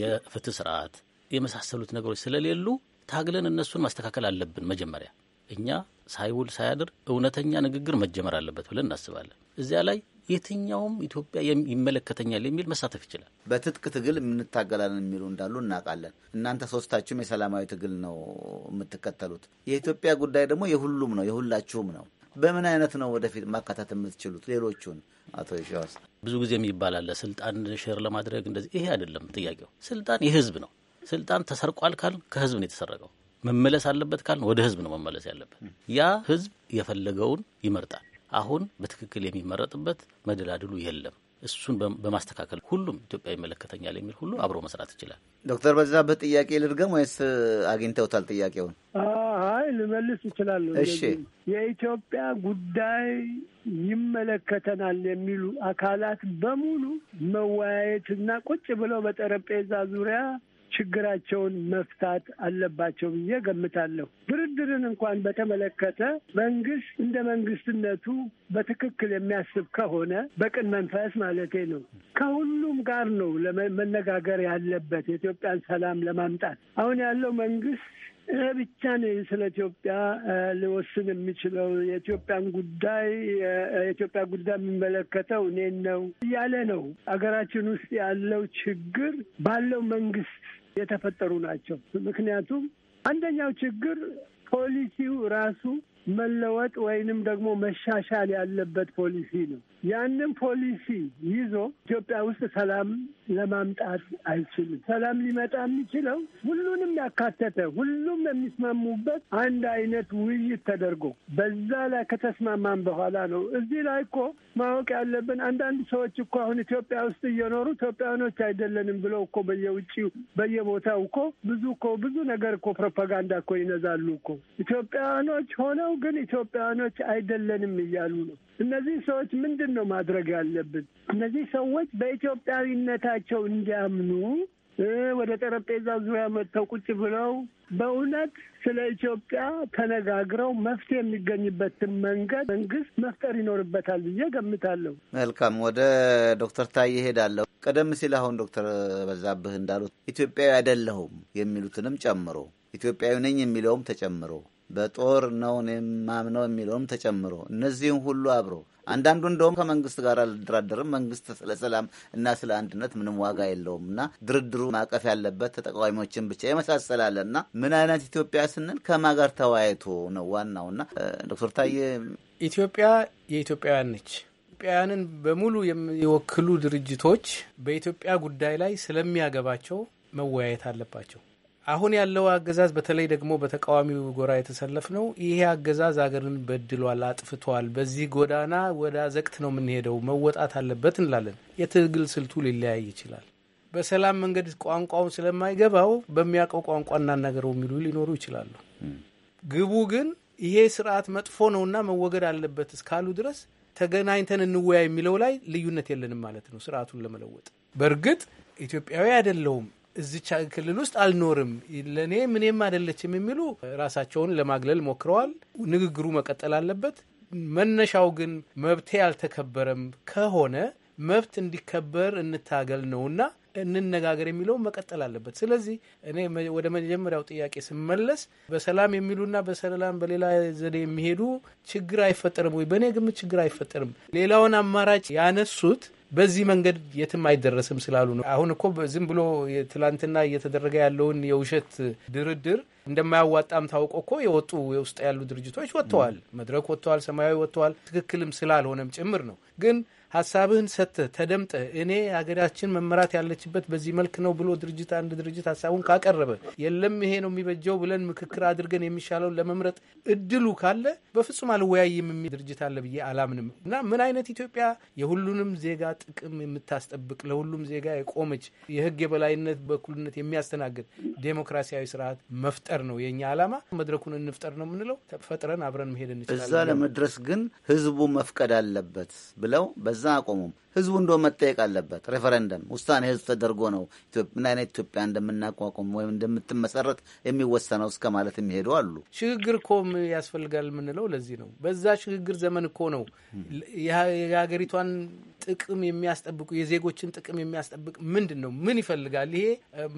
የፍትህ ስርዓት የመሳሰሉት ነገሮች ስለሌሉ ታግለን እነሱን ማስተካከል አለብን። መጀመሪያ እኛ ሳይውል ሳያድር እውነተኛ ንግግር መጀመር አለበት ብለን እናስባለን። እዚያ ላይ የትኛውም ኢትዮጵያ ይመለከተኛል የሚል መሳተፍ ይችላል። በትጥቅ ትግል እንታገላለን የሚሉ እንዳሉ እናውቃለን። እናንተ ሶስታችሁም የሰላማዊ ትግል ነው የምትከተሉት። የኢትዮጵያ ጉዳይ ደግሞ የሁሉም ነው፣ የሁላችሁም ነው። በምን አይነት ነው ወደፊት ማካተት የምትችሉት ሌሎቹን? አቶ ብዙ ጊዜም የሚባል ስልጣን ሼር ለማድረግ እንደዚህ። ይሄ አይደለም ጥያቄው። ስልጣን የህዝብ ነው። ስልጣን ተሰርቋል ካል ከህዝብ ነው የተሰረቀው። መመለስ አለበት ካል ወደ ህዝብ ነው መመለስ ያለበት። ያ ህዝብ የፈለገውን ይመርጣል። አሁን በትክክል የሚመረጥበት መደላድሉ የለም። እሱን በማስተካከል ሁሉም ኢትዮጵያ ይመለከተኛል የሚል ሁሉ አብሮ መስራት ይችላል። ዶክተር በዛብህ ጥያቄ ልድገም ወይስ አግኝተውታል ጥያቄውን? አይ ልመልስ ይችላሉ። እሺ የኢትዮጵያ ጉዳይ ይመለከተናል የሚሉ አካላት በሙሉ መወያየትና ቁጭ ብለው በጠረጴዛ ዙሪያ ችግራቸውን መፍታት አለባቸው ብዬ ገምታለሁ። ድርድርን እንኳን በተመለከተ መንግስት እንደ መንግስትነቱ በትክክል የሚያስብ ከሆነ በቅን መንፈስ ማለቴ ነው፣ ከሁሉም ጋር ነው መነጋገር ያለበት የኢትዮጵያን ሰላም ለማምጣት። አሁን ያለው መንግስት ይሄ ብቻ ነው ስለ ኢትዮጵያ ሊወስን የሚችለው የኢትዮጵያን ጉዳይ የኢትዮጵያ ጉዳይ የሚመለከተው እኔን ነው እያለ ነው። አገራችን ውስጥ ያለው ችግር ባለው መንግስት የተፈጠሩ ናቸው። ምክንያቱም አንደኛው ችግር ፖሊሲው ራሱ መለወጥ ወይንም ደግሞ መሻሻል ያለበት ፖሊሲ ነው። ያንን ፖሊሲ ይዞ ኢትዮጵያ ውስጥ ሰላም ለማምጣት አይችልም። ሰላም ሊመጣ የሚችለው ሁሉንም ያካተተ ሁሉም የሚስማሙበት አንድ አይነት ውይይት ተደርጎ በዛ ላይ ከተስማማን በኋላ ነው። እዚህ ላይ እኮ ማወቅ ያለብን አንዳንድ ሰዎች እኮ አሁን ኢትዮጵያ ውስጥ እየኖሩ ኢትዮጵያኖች አይደለንም ብለው እኮ በየውጭ በየቦታው እኮ ብዙ እኮ ብዙ ነገር እኮ ፕሮፓጋንዳ እኮ ይነዛሉ እኮ ኢትዮጵያኖች ሆነው ግን ኢትዮጵያውያኖች አይደለንም እያሉ ነው። እነዚህ ሰዎች ምንድን ምንድን ነው ማድረግ ያለብን? እነዚህ ሰዎች በኢትዮጵያዊነታቸው እንዲያምኑ ወደ ጠረጴዛ ዙሪያ መጥተው ቁጭ ብለው በእውነት ስለ ኢትዮጵያ ተነጋግረው መፍትሄ የሚገኝበትን መንገድ መንግስት መፍጠር ይኖርበታል ብዬ ገምታለሁ። መልካም፣ ወደ ዶክተር ታዬ እሄዳለሁ። ቀደም ሲል አሁን ዶክተር በዛብህ እንዳሉት ኢትዮጵያዊ አይደለሁም የሚሉትንም ጨምሮ ኢትዮጵያዊ ነኝ የሚለውም ተጨምሮ በጦር ነው የማምነው የሚለውም ተጨምሮ እነዚህም ሁሉ አብሮ አንዳንዱ እንደውም ከመንግስት ጋር አልደራደርም፣ መንግስት ስለ ሰላም እና ስለ አንድነት ምንም ዋጋ የለውም እና ድርድሩ ማቀፍ ያለበት ተጠቃሚዎችን ብቻ የመሳሰላለ እና ምን አይነት ኢትዮጵያ ስንል ከማ ጋር ተወያይቶ ነው ዋናው። እና ዶክተር ታዬ ኢትዮጵያ የኢትዮጵያውያን ነች። ኢትዮጵያውያንን በሙሉ የሚወክሉ ድርጅቶች በኢትዮጵያ ጉዳይ ላይ ስለሚያገባቸው መወያየት አለባቸው። አሁን ያለው አገዛዝ በተለይ ደግሞ በተቃዋሚው ጎራ የተሰለፍ ነው። ይሄ አገዛዝ አገርን በድሏል፣ አጥፍቷል። በዚህ ጎዳና ወደ አዘቅት ነው የምንሄደው፣ መወጣት አለበት እንላለን። የትግል ስልቱ ሊለያይ ይችላል። በሰላም መንገድ ቋንቋውን ስለማይገባው በሚያውቀው ቋንቋ እናናገረው የሚሉ ሊኖሩ ይችላሉ። ግቡ ግን ይሄ ስርዓት መጥፎ ነውና መወገድ አለበት እስካሉ ድረስ ተገናኝተን እንወያ የሚለው ላይ ልዩነት የለንም ማለት ነው። ስርዓቱን ለመለወጥ በእርግጥ ኢትዮጵያዊ አይደለውም እዚች ክልል ውስጥ አልኖርም ለእኔ ምንም አይደለችም የሚሉ ራሳቸውን ለማግለል ሞክረዋል። ንግግሩ መቀጠል አለበት። መነሻው ግን መብቴ አልተከበረም ከሆነ መብት እንዲከበር እንታገል ነውና እንነጋገር የሚለው መቀጠል አለበት። ስለዚህ እኔ ወደ መጀመሪያው ጥያቄ ስመለስ በሰላም የሚሉና በሰላም በሌላ ዘዴ የሚሄዱ ችግር አይፈጠርም ወይ? በእኔ ግምት ችግር አይፈጠርም። ሌላውን አማራጭ ያነሱት በዚህ መንገድ የትም አይደረስም ስላሉ ነው። አሁን እኮ ዝም ብሎ ትላንትና እየተደረገ ያለውን የውሸት ድርድር እንደማያዋጣም ታውቆ እኮ የወጡ የውስጥ ያሉ ድርጅቶች ወጥተዋል፣ መድረክ ወጥተዋል፣ ሰማያዊ ወጥተዋል። ትክክልም ስላልሆነም ጭምር ነው ግን ሀሳብህን ሰጥተህ ተደምጠህ እኔ ሀገራችን መመራት ያለችበት በዚህ መልክ ነው ብሎ ድርጅት አንድ ድርጅት ሀሳቡን ካቀረበ የለም ይሄ ነው የሚበጀው ብለን ምክክር አድርገን የሚሻለውን ለመምረጥ እድሉ ካለ በፍጹም አልወያይም የሚል ድርጅት አለ ብዬ አላምንም እና ምን አይነት ኢትዮጵያ የሁሉንም ዜጋ ጥቅም የምታስጠብቅ ለሁሉም ዜጋ የቆመች የህግ የበላይነት በኩልነት የሚያስተናግድ ዴሞክራሲያዊ ስርዓት መፍጠር ነው የእኛ ዓላማ። መድረኩን እንፍጠር ነው የምንለው። ፈጥረን አብረን መሄድ እንችላለን። እዛ ለመድረስ ግን ህዝቡ መፍቀድ አለበት ብለው እዛ አቆሙም። ህዝቡ እንደ መጠየቅ አለበት። ሬፈረንደም ውሳኔ ህዝብ ተደርጎ ነው ምን አይነት ኢትዮጵያ እንደምናቋቁም ወይም እንደምትመሰረት የሚወሰነው እስከ ማለት የሚሄዱ አሉ። ሽግግር ኮም ያስፈልጋል የምንለው ለዚህ ነው። በዛ ሽግግር ዘመን እኮ ነው የሀገሪቷን ጥቅም የሚያስጠብቁ የዜጎችን ጥቅም የሚያስጠብቅ ምንድን ነው ምን ይፈልጋል ይሄ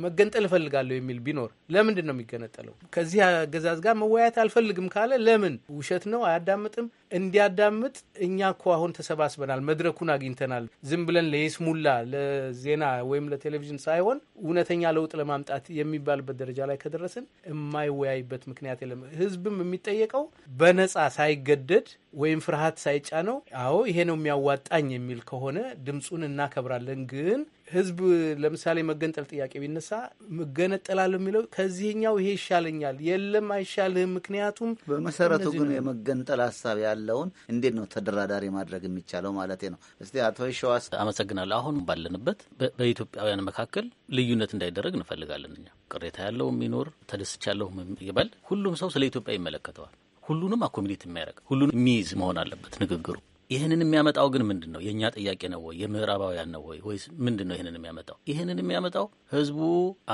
መገንጠል እፈልጋለሁ የሚል ቢኖር ለምንድን ነው የሚገነጠለው? ከዚህ አገዛዝ ጋር መወያየት አልፈልግም ካለ ለምን ውሸት ነው አያዳምጥም እንዲያዳምጥ እኛ እኮ አሁን ተሰባስበናል፣ መድረኩን አግኝተናል። ዝም ብለን ለይስሙላ ለዜና ወይም ለቴሌቪዥን ሳይሆን እውነተኛ ለውጥ ለማምጣት የሚባልበት ደረጃ ላይ ከደረስን የማይወያይበት ምክንያት የለም። ህዝብም የሚጠየቀው በነጻ ሳይገደድ ወይም ፍርሃት ሳይጫነው አዎ ይሄ ነው የሚያዋጣኝ የሚል ከሆነ ድምፁን እናከብራለን ግን ህዝብ ለምሳሌ መገንጠል ጥያቄ ቢነሳ መገነጠላል የሚለው ከዚህኛው ይሄ ይሻለኛል፣ የለም አይሻልህም። ምክንያቱም በመሰረቱ ግን የመገንጠል ሀሳብ ያለውን እንዴት ነው ተደራዳሪ ማድረግ የሚቻለው ማለት ነው። እስቲ አቶ ሸዋስ አመሰግናለሁ። አሁን ባለንበት በኢትዮጵያውያን መካከል ልዩነት እንዳይደረግ እንፈልጋለን። እኛ ቅሬታ ያለው የሚኖር ተደስቻለሁ ይበል። ሁሉም ሰው ስለ ኢትዮጵያ ይመለከተዋል። ሁሉንም አኮሚኒት የሚያደርግ ሁሉንም የሚይዝ መሆን አለበት ንግግሩ ይህንን የሚያመጣው ግን ምንድን ነው? የእኛ ጥያቄ ነው ወይ የምዕራባውያን ነው ወይ ወይስ ምንድን ነው ይህንን የሚያመጣው? ይህንን የሚያመጣው ህዝቡ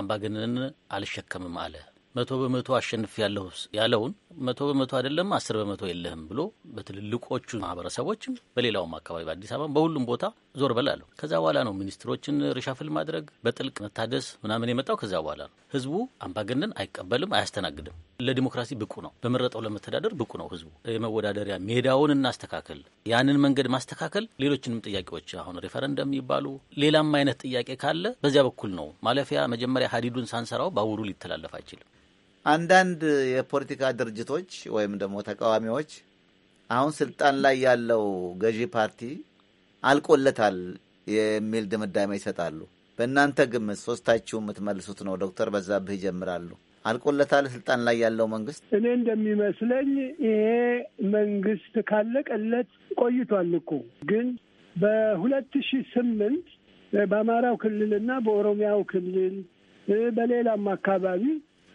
አምባገነንን አልሸከምም አለ መቶ በመቶ አሸንፍ ያለሁ ያለውን መቶ በመቶ አይደለም አስር በመቶ የለህም ብሎ በትልልቆቹ ማህበረሰቦችም በሌላውም አካባቢ በአዲስ አበባ በሁሉም ቦታ ዞር በላለሁ። ከዛ በኋላ ነው ሚኒስትሮችን ርሻፍል ማድረግ በጥልቅ መታደስ ምናምን የመጣው ከዛ በኋላ ነው። ህዝቡ አምባገነን አይቀበልም፣ አያስተናግድም። ለዲሞክራሲ ብቁ ነው፣ በመረጠው ለመተዳደር ብቁ ነው ህዝቡ። የመወዳደሪያ ሜዳውን እናስተካከል፣ ያንን መንገድ ማስተካከል፣ ሌሎችንም ጥያቄዎች አሁን ሪፈረንደም ይባሉ ሌላም አይነት ጥያቄ ካለ በዚያ በኩል ነው ማለፊያ። መጀመሪያ ሀዲዱን ሳንሰራው ባቡሩ ሊተላለፍ አይችልም። አንዳንድ የፖለቲካ ድርጅቶች ወይም ደግሞ ተቃዋሚዎች አሁን ስልጣን ላይ ያለው ገዢ ፓርቲ አልቆለታል የሚል ድምዳሜ ይሰጣሉ። በእናንተ ግምት ሶስታችሁ የምትመልሱት ነው። ዶክተር በዛብህ ይጀምራሉ። አልቆለታል ስልጣን ላይ ያለው መንግስት? እኔ እንደሚመስለኝ ይሄ መንግስት ካለቀለት ቆይቷል እኮ ግን በሁለት ሺ ስምንት በአማራው ክልልና በኦሮሚያው ክልል በሌላም አካባቢ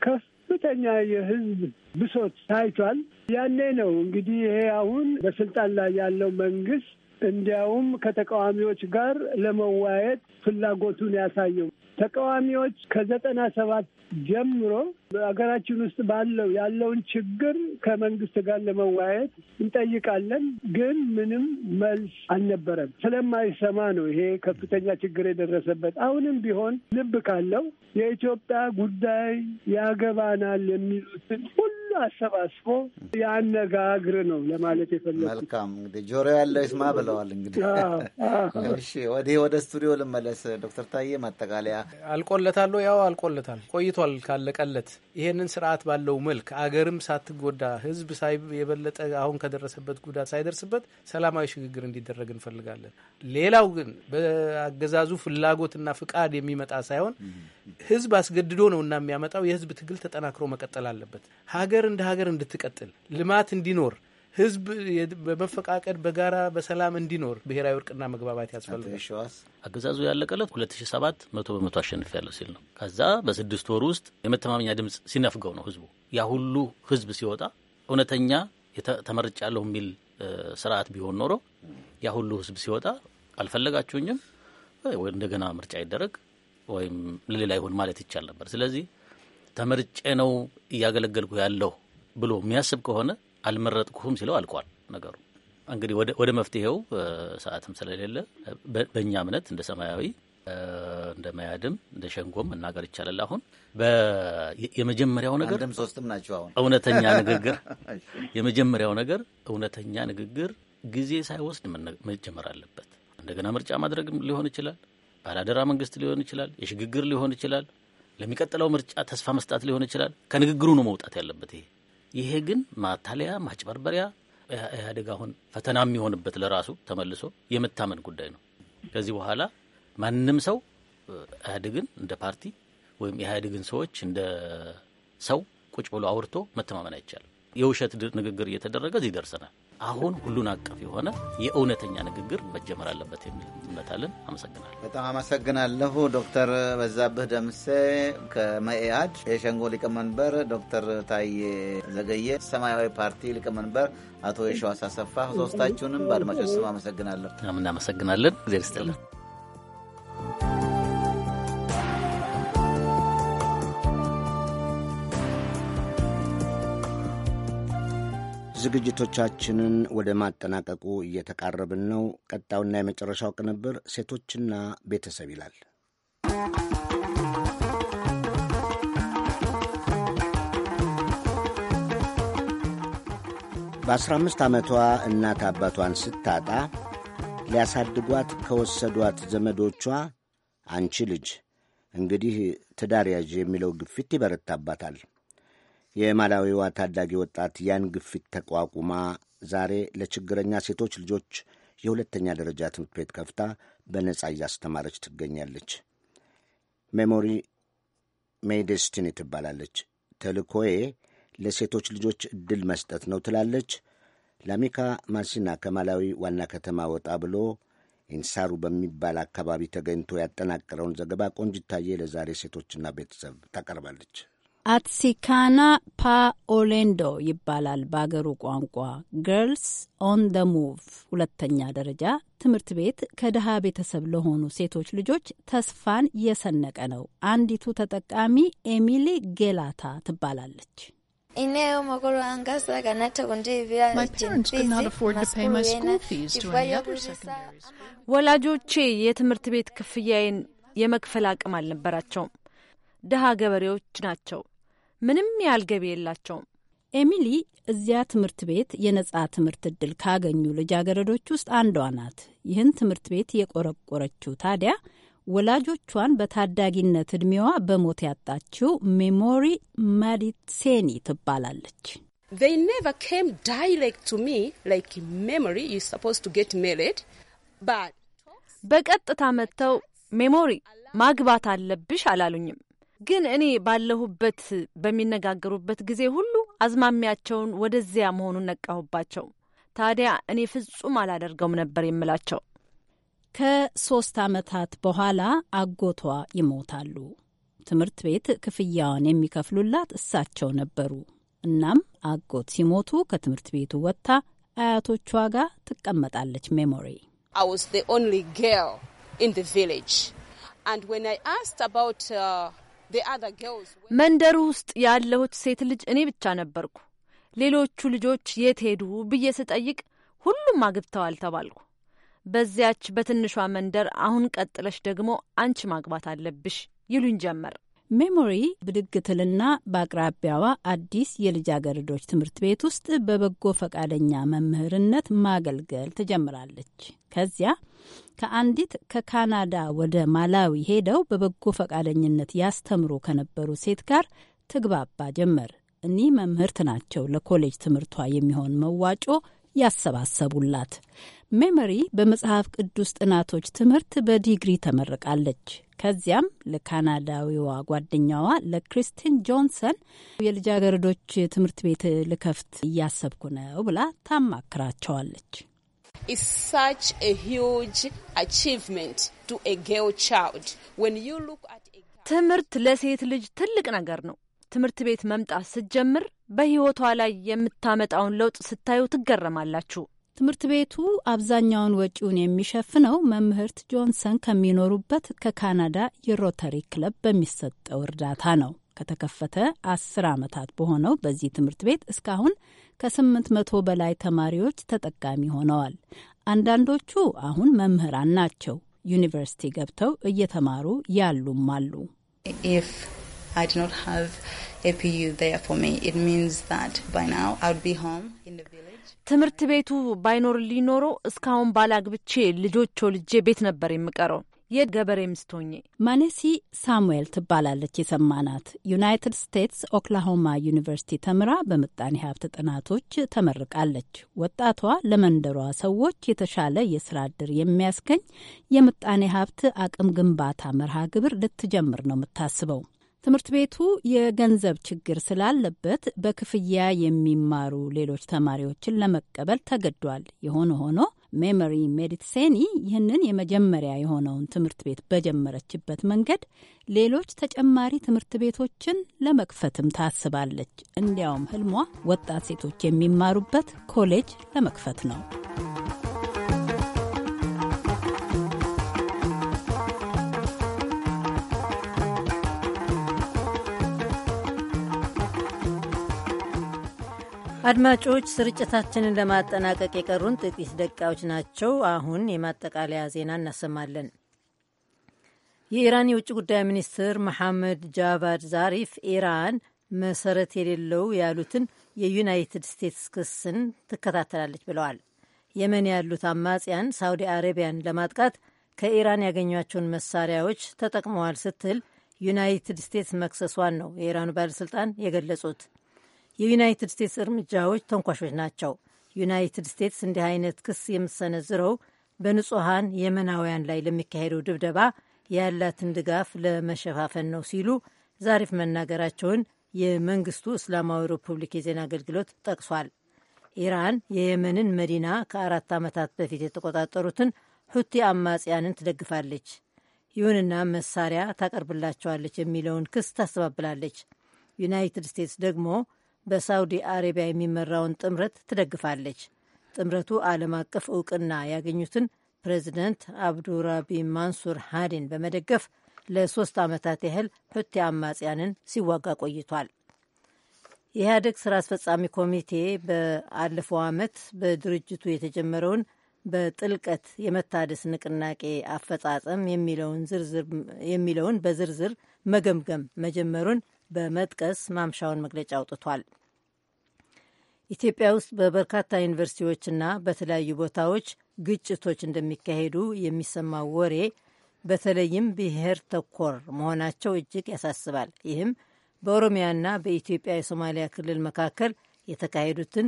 ከፍ ከፍተኛ የህዝብ ብሶት ታይቷል። ያኔ ነው እንግዲህ ይሄ አሁን በስልጣን ላይ ያለው መንግስት እንዲያውም ከተቃዋሚዎች ጋር ለመወያየት ፍላጎቱን ያሳየው። ተቃዋሚዎች ከዘጠና ሰባት ጀምሮ በሀገራችን ውስጥ ባለው ያለውን ችግር ከመንግስት ጋር ለመወያየት እንጠይቃለን። ግን ምንም መልስ አልነበረም። ስለማይሰማ ነው ይሄ ከፍተኛ ችግር የደረሰበት። አሁንም ቢሆን ልብ ካለው የኢትዮጵያ ጉዳይ ያገባናል የሚሉትን ሁሉ አሰባስቦ ያነጋግር ነው ለማለት የፈለጉት። መልካም እንግዲህ ጆሮ ያለው ይስማ ብለዋል። እንግዲህ እሺ፣ ወዲህ ወደ ስቱዲዮ ልመለስ። ዶክተር ታዬ ማጠቃለያ አልቆለታለሁ። ያው አልቆለታል፣ ቆይቷል፣ ካለቀለት ይሄንን ስርዓት ባለው መልክ አገርም ሳትጎዳ ህዝብ የበለጠ አሁን ከደረሰበት ጉዳት ሳይደርስበት ሰላማዊ ሽግግር እንዲደረግ እንፈልጋለን። ሌላው ግን በአገዛዙ ፍላጎትና ፍቃድ የሚመጣ ሳይሆን ህዝብ አስገድዶ ነው እና የሚያመጣው የህዝብ ትግል ተጠናክሮ መቀጠል አለበት። ሀገር እንደ ሀገር እንድትቀጥል ልማት እንዲኖር ህዝብ በመፈቃቀድ በጋራ በሰላም እንዲኖር ብሔራዊ እርቅና መግባባት ያስፈልጋል። አገዛዙ ያለቀለት 2007 መቶ በመቶ አሸንፍ ያለው ሲል ነው። ከዛ በስድስት ወር ውስጥ የመተማመኛ ድምፅ ሲነፍገው ነው ህዝቡ። ያ ሁሉ ህዝብ ሲወጣ እውነተኛ ተመርጫለሁ የሚል ስርዓት ቢሆን ኖሮ ያ ሁሉ ህዝብ ሲወጣ አልፈለጋችሁኝም ወይ እንደገና ምርጫ ይደረግ ወይም ለሌላ ይሆን ማለት ይቻል ነበር። ስለዚህ ተመርጬ ነው እያገለገልኩ ያለሁ ብሎ የሚያስብ ከሆነ አልመረጥኩህም ሲለው አልቋል ነገሩ። እንግዲህ ወደ መፍትሄው ሰዓትም ስለሌለ በእኛ እምነት እንደ ሰማያዊ እንደ መያድም እንደ ሸንጎም መናገር ይቻላል። አሁን የመጀመሪያው ነገር ሶስትም ናቸው። አሁን እውነተኛ ንግግር የመጀመሪያው ነገር እውነተኛ ንግግር ጊዜ ሳይወስድ መጀመር አለበት። እንደገና ምርጫ ማድረግ ሊሆን ይችላል፣ ባላደራ መንግስት ሊሆን ይችላል፣ የሽግግር ሊሆን ይችላል፣ ለሚቀጥለው ምርጫ ተስፋ መስጣት ሊሆን ይችላል። ከንግግሩ ነው መውጣት ያለበት ይሄ ይሄ ግን ማታለያ፣ ማጭበርበሪያ ኢህአዴግ አሁን ፈተና የሚሆንበት ለራሱ ተመልሶ የመታመን ጉዳይ ነው። ከዚህ በኋላ ማንም ሰው ኢህአዴግን እንደ ፓርቲ ወይም የኢህአዴግን ሰዎች እንደ ሰው ቁጭ ብሎ አውርቶ መተማመን አይቻልም። የውሸት ንግግር እየተደረገ እዚህ ደርሰናል። አሁን ሁሉን አቀፍ የሆነ የእውነተኛ ንግግር መጀመር አለበት የሚል እምነት አለን። አመሰግናለሁ። በጣም አመሰግናለሁ ዶክተር በዛብህ ደምሴ ከመኢአድ፣ የሸንጎ ሊቀመንበር ዶክተር ታዬ ዘገየ፣ ሰማያዊ ፓርቲ ሊቀመንበር አቶ የሸዋስ አሰፋ፣ ሶስታችሁንም በአድማጮች ስም አመሰግናለሁ። እናመሰግናለን። እግዜር Thank you. ዝግጅቶቻችንን ወደ ማጠናቀቁ እየተቃረብን ነው። ቀጣውና የመጨረሻው ቅንብር ሴቶችና ቤተሰብ ይላል። በ15 ዓመቷ እናት አባቷን ስታጣ ሊያሳድጓት ከወሰዷት ዘመዶቿ አንቺ ልጅ እንግዲህ ትዳር ያዥ የሚለው ግፊት ይበረታባታል። የማላዊዋ ታዳጊ ወጣት ያን ግፊት ተቋቁማ ዛሬ ለችግረኛ ሴቶች ልጆች የሁለተኛ ደረጃ ትምህርት ቤት ከፍታ በነጻ እያስተማረች ትገኛለች። ሜሞሪ ሜይዴስቲኒ ትባላለች። ተልኮዬ ለሴቶች ልጆች እድል መስጠት ነው ትላለች። ላሚካ ማሲና ከማላዊ ዋና ከተማ ወጣ ብሎ ኢንሳሩ በሚባል አካባቢ ተገኝቶ ያጠናቀረውን ዘገባ ቆንጅታዬ ለዛሬ ሴቶችና ቤተሰብ ታቀርባለች። አትሲካና ፓኦሌንዶ ይባላል በአገሩ ቋንቋ። ገርልስ ኦን ደ ሙቭ ሁለተኛ ደረጃ ትምህርት ቤት ከድሃ ቤተሰብ ለሆኑ ሴቶች ልጆች ተስፋን የሰነቀ ነው። አንዲቱ ተጠቃሚ ኤሚሊ ጌላታ ትባላለች። ወላጆቼ የትምህርት ቤት ክፍያዬን የመክፈል አቅም አልነበራቸውም። ድሃ ገበሬዎች ናቸው። ምንም ያህል ገቢ የላቸውም። ኤሚሊ እዚያ ትምህርት ቤት የነጻ ትምህርት እድል ካገኙ ልጃገረዶች ውስጥ አንዷ ናት። ይህን ትምህርት ቤት የቆረቆረችው ታዲያ ወላጆቿን በታዳጊነት እድሜዋ በሞት ያጣችው ሜሞሪ ማዲሴኒ ትባላለች። በቀጥታ መጥተው ሜሞሪ ማግባት አለብሽ አላሉኝም። ግን እኔ ባለሁበት በሚነጋገሩበት ጊዜ ሁሉ አዝማሚያቸውን ወደዚያ መሆኑን ነቃሁባቸው። ታዲያ እኔ ፍጹም አላደርገውም ነበር የምላቸው። ከሶስት ዓመታት በኋላ አጎቷ ይሞታሉ። ትምህርት ቤት ክፍያዋን የሚከፍሉላት እሳቸው ነበሩ። እናም አጎት ሲሞቱ ከትምህርት ቤቱ ወጥታ አያቶቿ ጋር ትቀመጣለች። ሜሞሪ ኦንሊ ጌርል ኢን ቪሌጅ መንደሩ ውስጥ ያለሁት ሴት ልጅ እኔ ብቻ ነበርኩ። ሌሎቹ ልጆች የት ሄዱ ብዬ ስጠይቅ ሁሉም አግብተዋል ተባልኩ። በዚያች በትንሿ መንደር አሁን ቀጥለሽ ደግሞ አንቺ ማግባት አለብሽ ይሉኝ ጀመር። ሜሞሪ ብድግትልና በአቅራቢያዋ አዲስ የልጃገረዶች ትምህርት ቤት ውስጥ በበጎ ፈቃደኛ መምህርነት ማገልገል ትጀምራለች። ከዚያ ከአንዲት ከካናዳ ወደ ማላዊ ሄደው በበጎ ፈቃደኝነት ያስተምሩ ከነበሩ ሴት ጋር ትግባባ ጀመር። እኒህ መምህርት ናቸው ለኮሌጅ ትምህርቷ የሚሆን መዋጮ ያሰባሰቡላት። ሜሞሪ በመጽሐፍ ቅዱስ ጥናቶች ትምህርት በዲግሪ ተመርቃለች። ከዚያም ለካናዳዊዋ ጓደኛዋ ለክሪስቲን ጆንሰን የልጃገረዶች ትምህርት ቤት ልከፍት እያሰብኩ ነው ብላ ታማክራቸዋለች። ትምህርት ለሴት ልጅ ትልቅ ነገር ነው። ትምህርት ቤት መምጣት ስትጀምር በሕይወቷ ላይ የምታመጣውን ለውጥ ስታዩ ትገረማላችሁ። ትምህርት ቤቱ አብዛኛውን ወጪውን የሚሸፍነው መምህርት ጆንሰን ከሚኖሩበት ከካናዳ የሮተሪ ክለብ በሚሰጠው እርዳታ ነው። ከተከፈተ አስር ዓመታት በሆነው በዚህ ትምህርት ቤት እስካሁን ከስምንት መቶ በላይ ተማሪዎች ተጠቃሚ ሆነዋል። አንዳንዶቹ አሁን መምህራን ናቸው። ዩኒቨርሲቲ ገብተው እየተማሩ ያሉም አሉ። ትምህርት ቤቱ ባይኖር ሊኖሮ እስካሁን ባላግብቼ ልጆች ልጄ ቤት ነበር የምቀረው። የገበሬ ሚስት ማኔሲ ሳሙኤል ትባላለች። የሰማናት ዩናይትድ ስቴትስ ኦክላሆማ ዩኒቨርሲቲ ተምራ በምጣኔ ሀብት ጥናቶች ተመርቃለች። ወጣቷ ለመንደሯ ሰዎች የተሻለ የስራ ድር የሚያስገኝ የምጣኔ ሀብት አቅም ግንባታ መርሃ ግብር ልትጀምር ነው የምታስበው። ትምህርት ቤቱ የገንዘብ ችግር ስላለበት በክፍያ የሚማሩ ሌሎች ተማሪዎችን ለመቀበል ተገዷል። የሆነ ሆኖ ሜሞሪ ሜዲሴኒ ይህንን የመጀመሪያ የሆነውን ትምህርት ቤት በጀመረችበት መንገድ ሌሎች ተጨማሪ ትምህርት ቤቶችን ለመክፈትም ታስባለች። እንዲያውም ህልሟ ወጣት ሴቶች የሚማሩበት ኮሌጅ ለመክፈት ነው። አድማጮች ስርጭታችንን ለማጠናቀቅ የቀሩን ጥቂት ደቂቃዎች ናቸው። አሁን የማጠቃለያ ዜና እናሰማለን። የኢራን የውጭ ጉዳይ ሚኒስትር መሐመድ ጃቫድ ዛሪፍ ኢራን መሰረት የሌለው ያሉትን የዩናይትድ ስቴትስ ክስን ትከታተላለች ብለዋል። የመን ያሉት አማጽያን ሳውዲ አረቢያን ለማጥቃት ከኢራን ያገኟቸውን መሳሪያዎች ተጠቅመዋል ስትል ዩናይትድ ስቴትስ መክሰሷን ነው የኢራኑ ባለሥልጣን የገለጹት። የዩናይትድ ስቴትስ እርምጃዎች ተንኳሾች ናቸው። ዩናይትድ ስቴትስ እንዲህ አይነት ክስ የምትሰነዝረው በንጹሐን የመናውያን ላይ ለሚካሄደው ድብደባ ያላትን ድጋፍ ለመሸፋፈን ነው ሲሉ ዛሬፍ መናገራቸውን የመንግስቱ እስላማዊ ሪፑብሊክ የዜና አገልግሎት ጠቅሷል። ኢራን የየመንን መዲና ከአራት ዓመታት በፊት የተቆጣጠሩትን ሁቲ አማጽያንን ትደግፋለች። ይሁንና መሳሪያ ታቀርብላቸዋለች የሚለውን ክስ ታስተባብላለች። ዩናይትድ ስቴትስ ደግሞ በሳውዲ አረቢያ የሚመራውን ጥምረት ትደግፋለች። ጥምረቱ ዓለም አቀፍ እውቅና ያገኙትን ፕሬዚደንት አብዱራቢ ማንሱር ሃዲን በመደገፍ ለሶስት ዓመታት ያህል ሁቲ አማጽያንን ሲዋጋ ቆይቷል። የኢህአደግ ስራ አስፈጻሚ ኮሚቴ በአለፈው ዓመት በድርጅቱ የተጀመረውን በጥልቀት የመታደስ ንቅናቄ አፈጻጸም የሚለውን በዝርዝር መገምገም መጀመሩን በመጥቀስ ማምሻውን መግለጫ አውጥቷል። ኢትዮጵያ ውስጥ በበርካታ ዩኒቨርሲቲዎችና በተለያዩ ቦታዎች ግጭቶች እንደሚካሄዱ የሚሰማው ወሬ በተለይም ብሔር ተኮር መሆናቸው እጅግ ያሳስባል። ይህም በኦሮሚያና በኢትዮጵያ የሶማሊያ ክልል መካከል የተካሄዱትን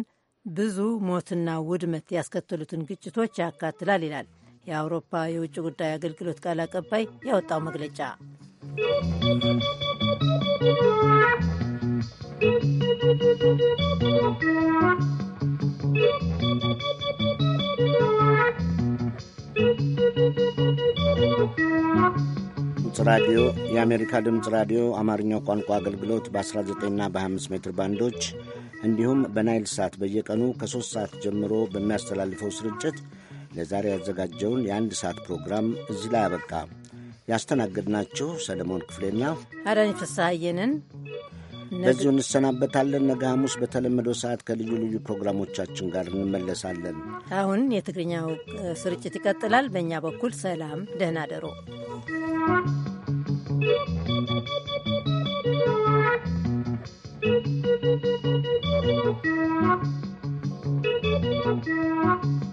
ብዙ ሞትና ውድመት ያስከተሉትን ግጭቶች ያካትላል ይላል የአውሮፓ የውጭ ጉዳይ አገልግሎት ቃል አቀባይ ያወጣው መግለጫ። ራዲዮ የአሜሪካ ድምፅ ራዲዮ አማርኛው ቋንቋ አገልግሎት በ19ና በ 5 ሜትር ባንዶች እንዲሁም በናይል ሳት በየቀኑ ከሦስት ሰዓት ጀምሮ በሚያስተላልፈው ስርጭት ለዛሬ ያዘጋጀውን የአንድ ሰዓት ፕሮግራም እዚህ ላይ አበቃ። ያስተናገድናችሁ ሰለሞን ክፍሌና አዳኝ ፍስሐየንን በዚሁ እንሰናበታለን። ነገ ሐሙስ በተለመደው ሰዓት ከልዩ ልዩ ፕሮግራሞቻችን ጋር እንመለሳለን። አሁን የትግርኛው ስርጭት ይቀጥላል። በእኛ በኩል ሰላም፣ ደህና ደሮ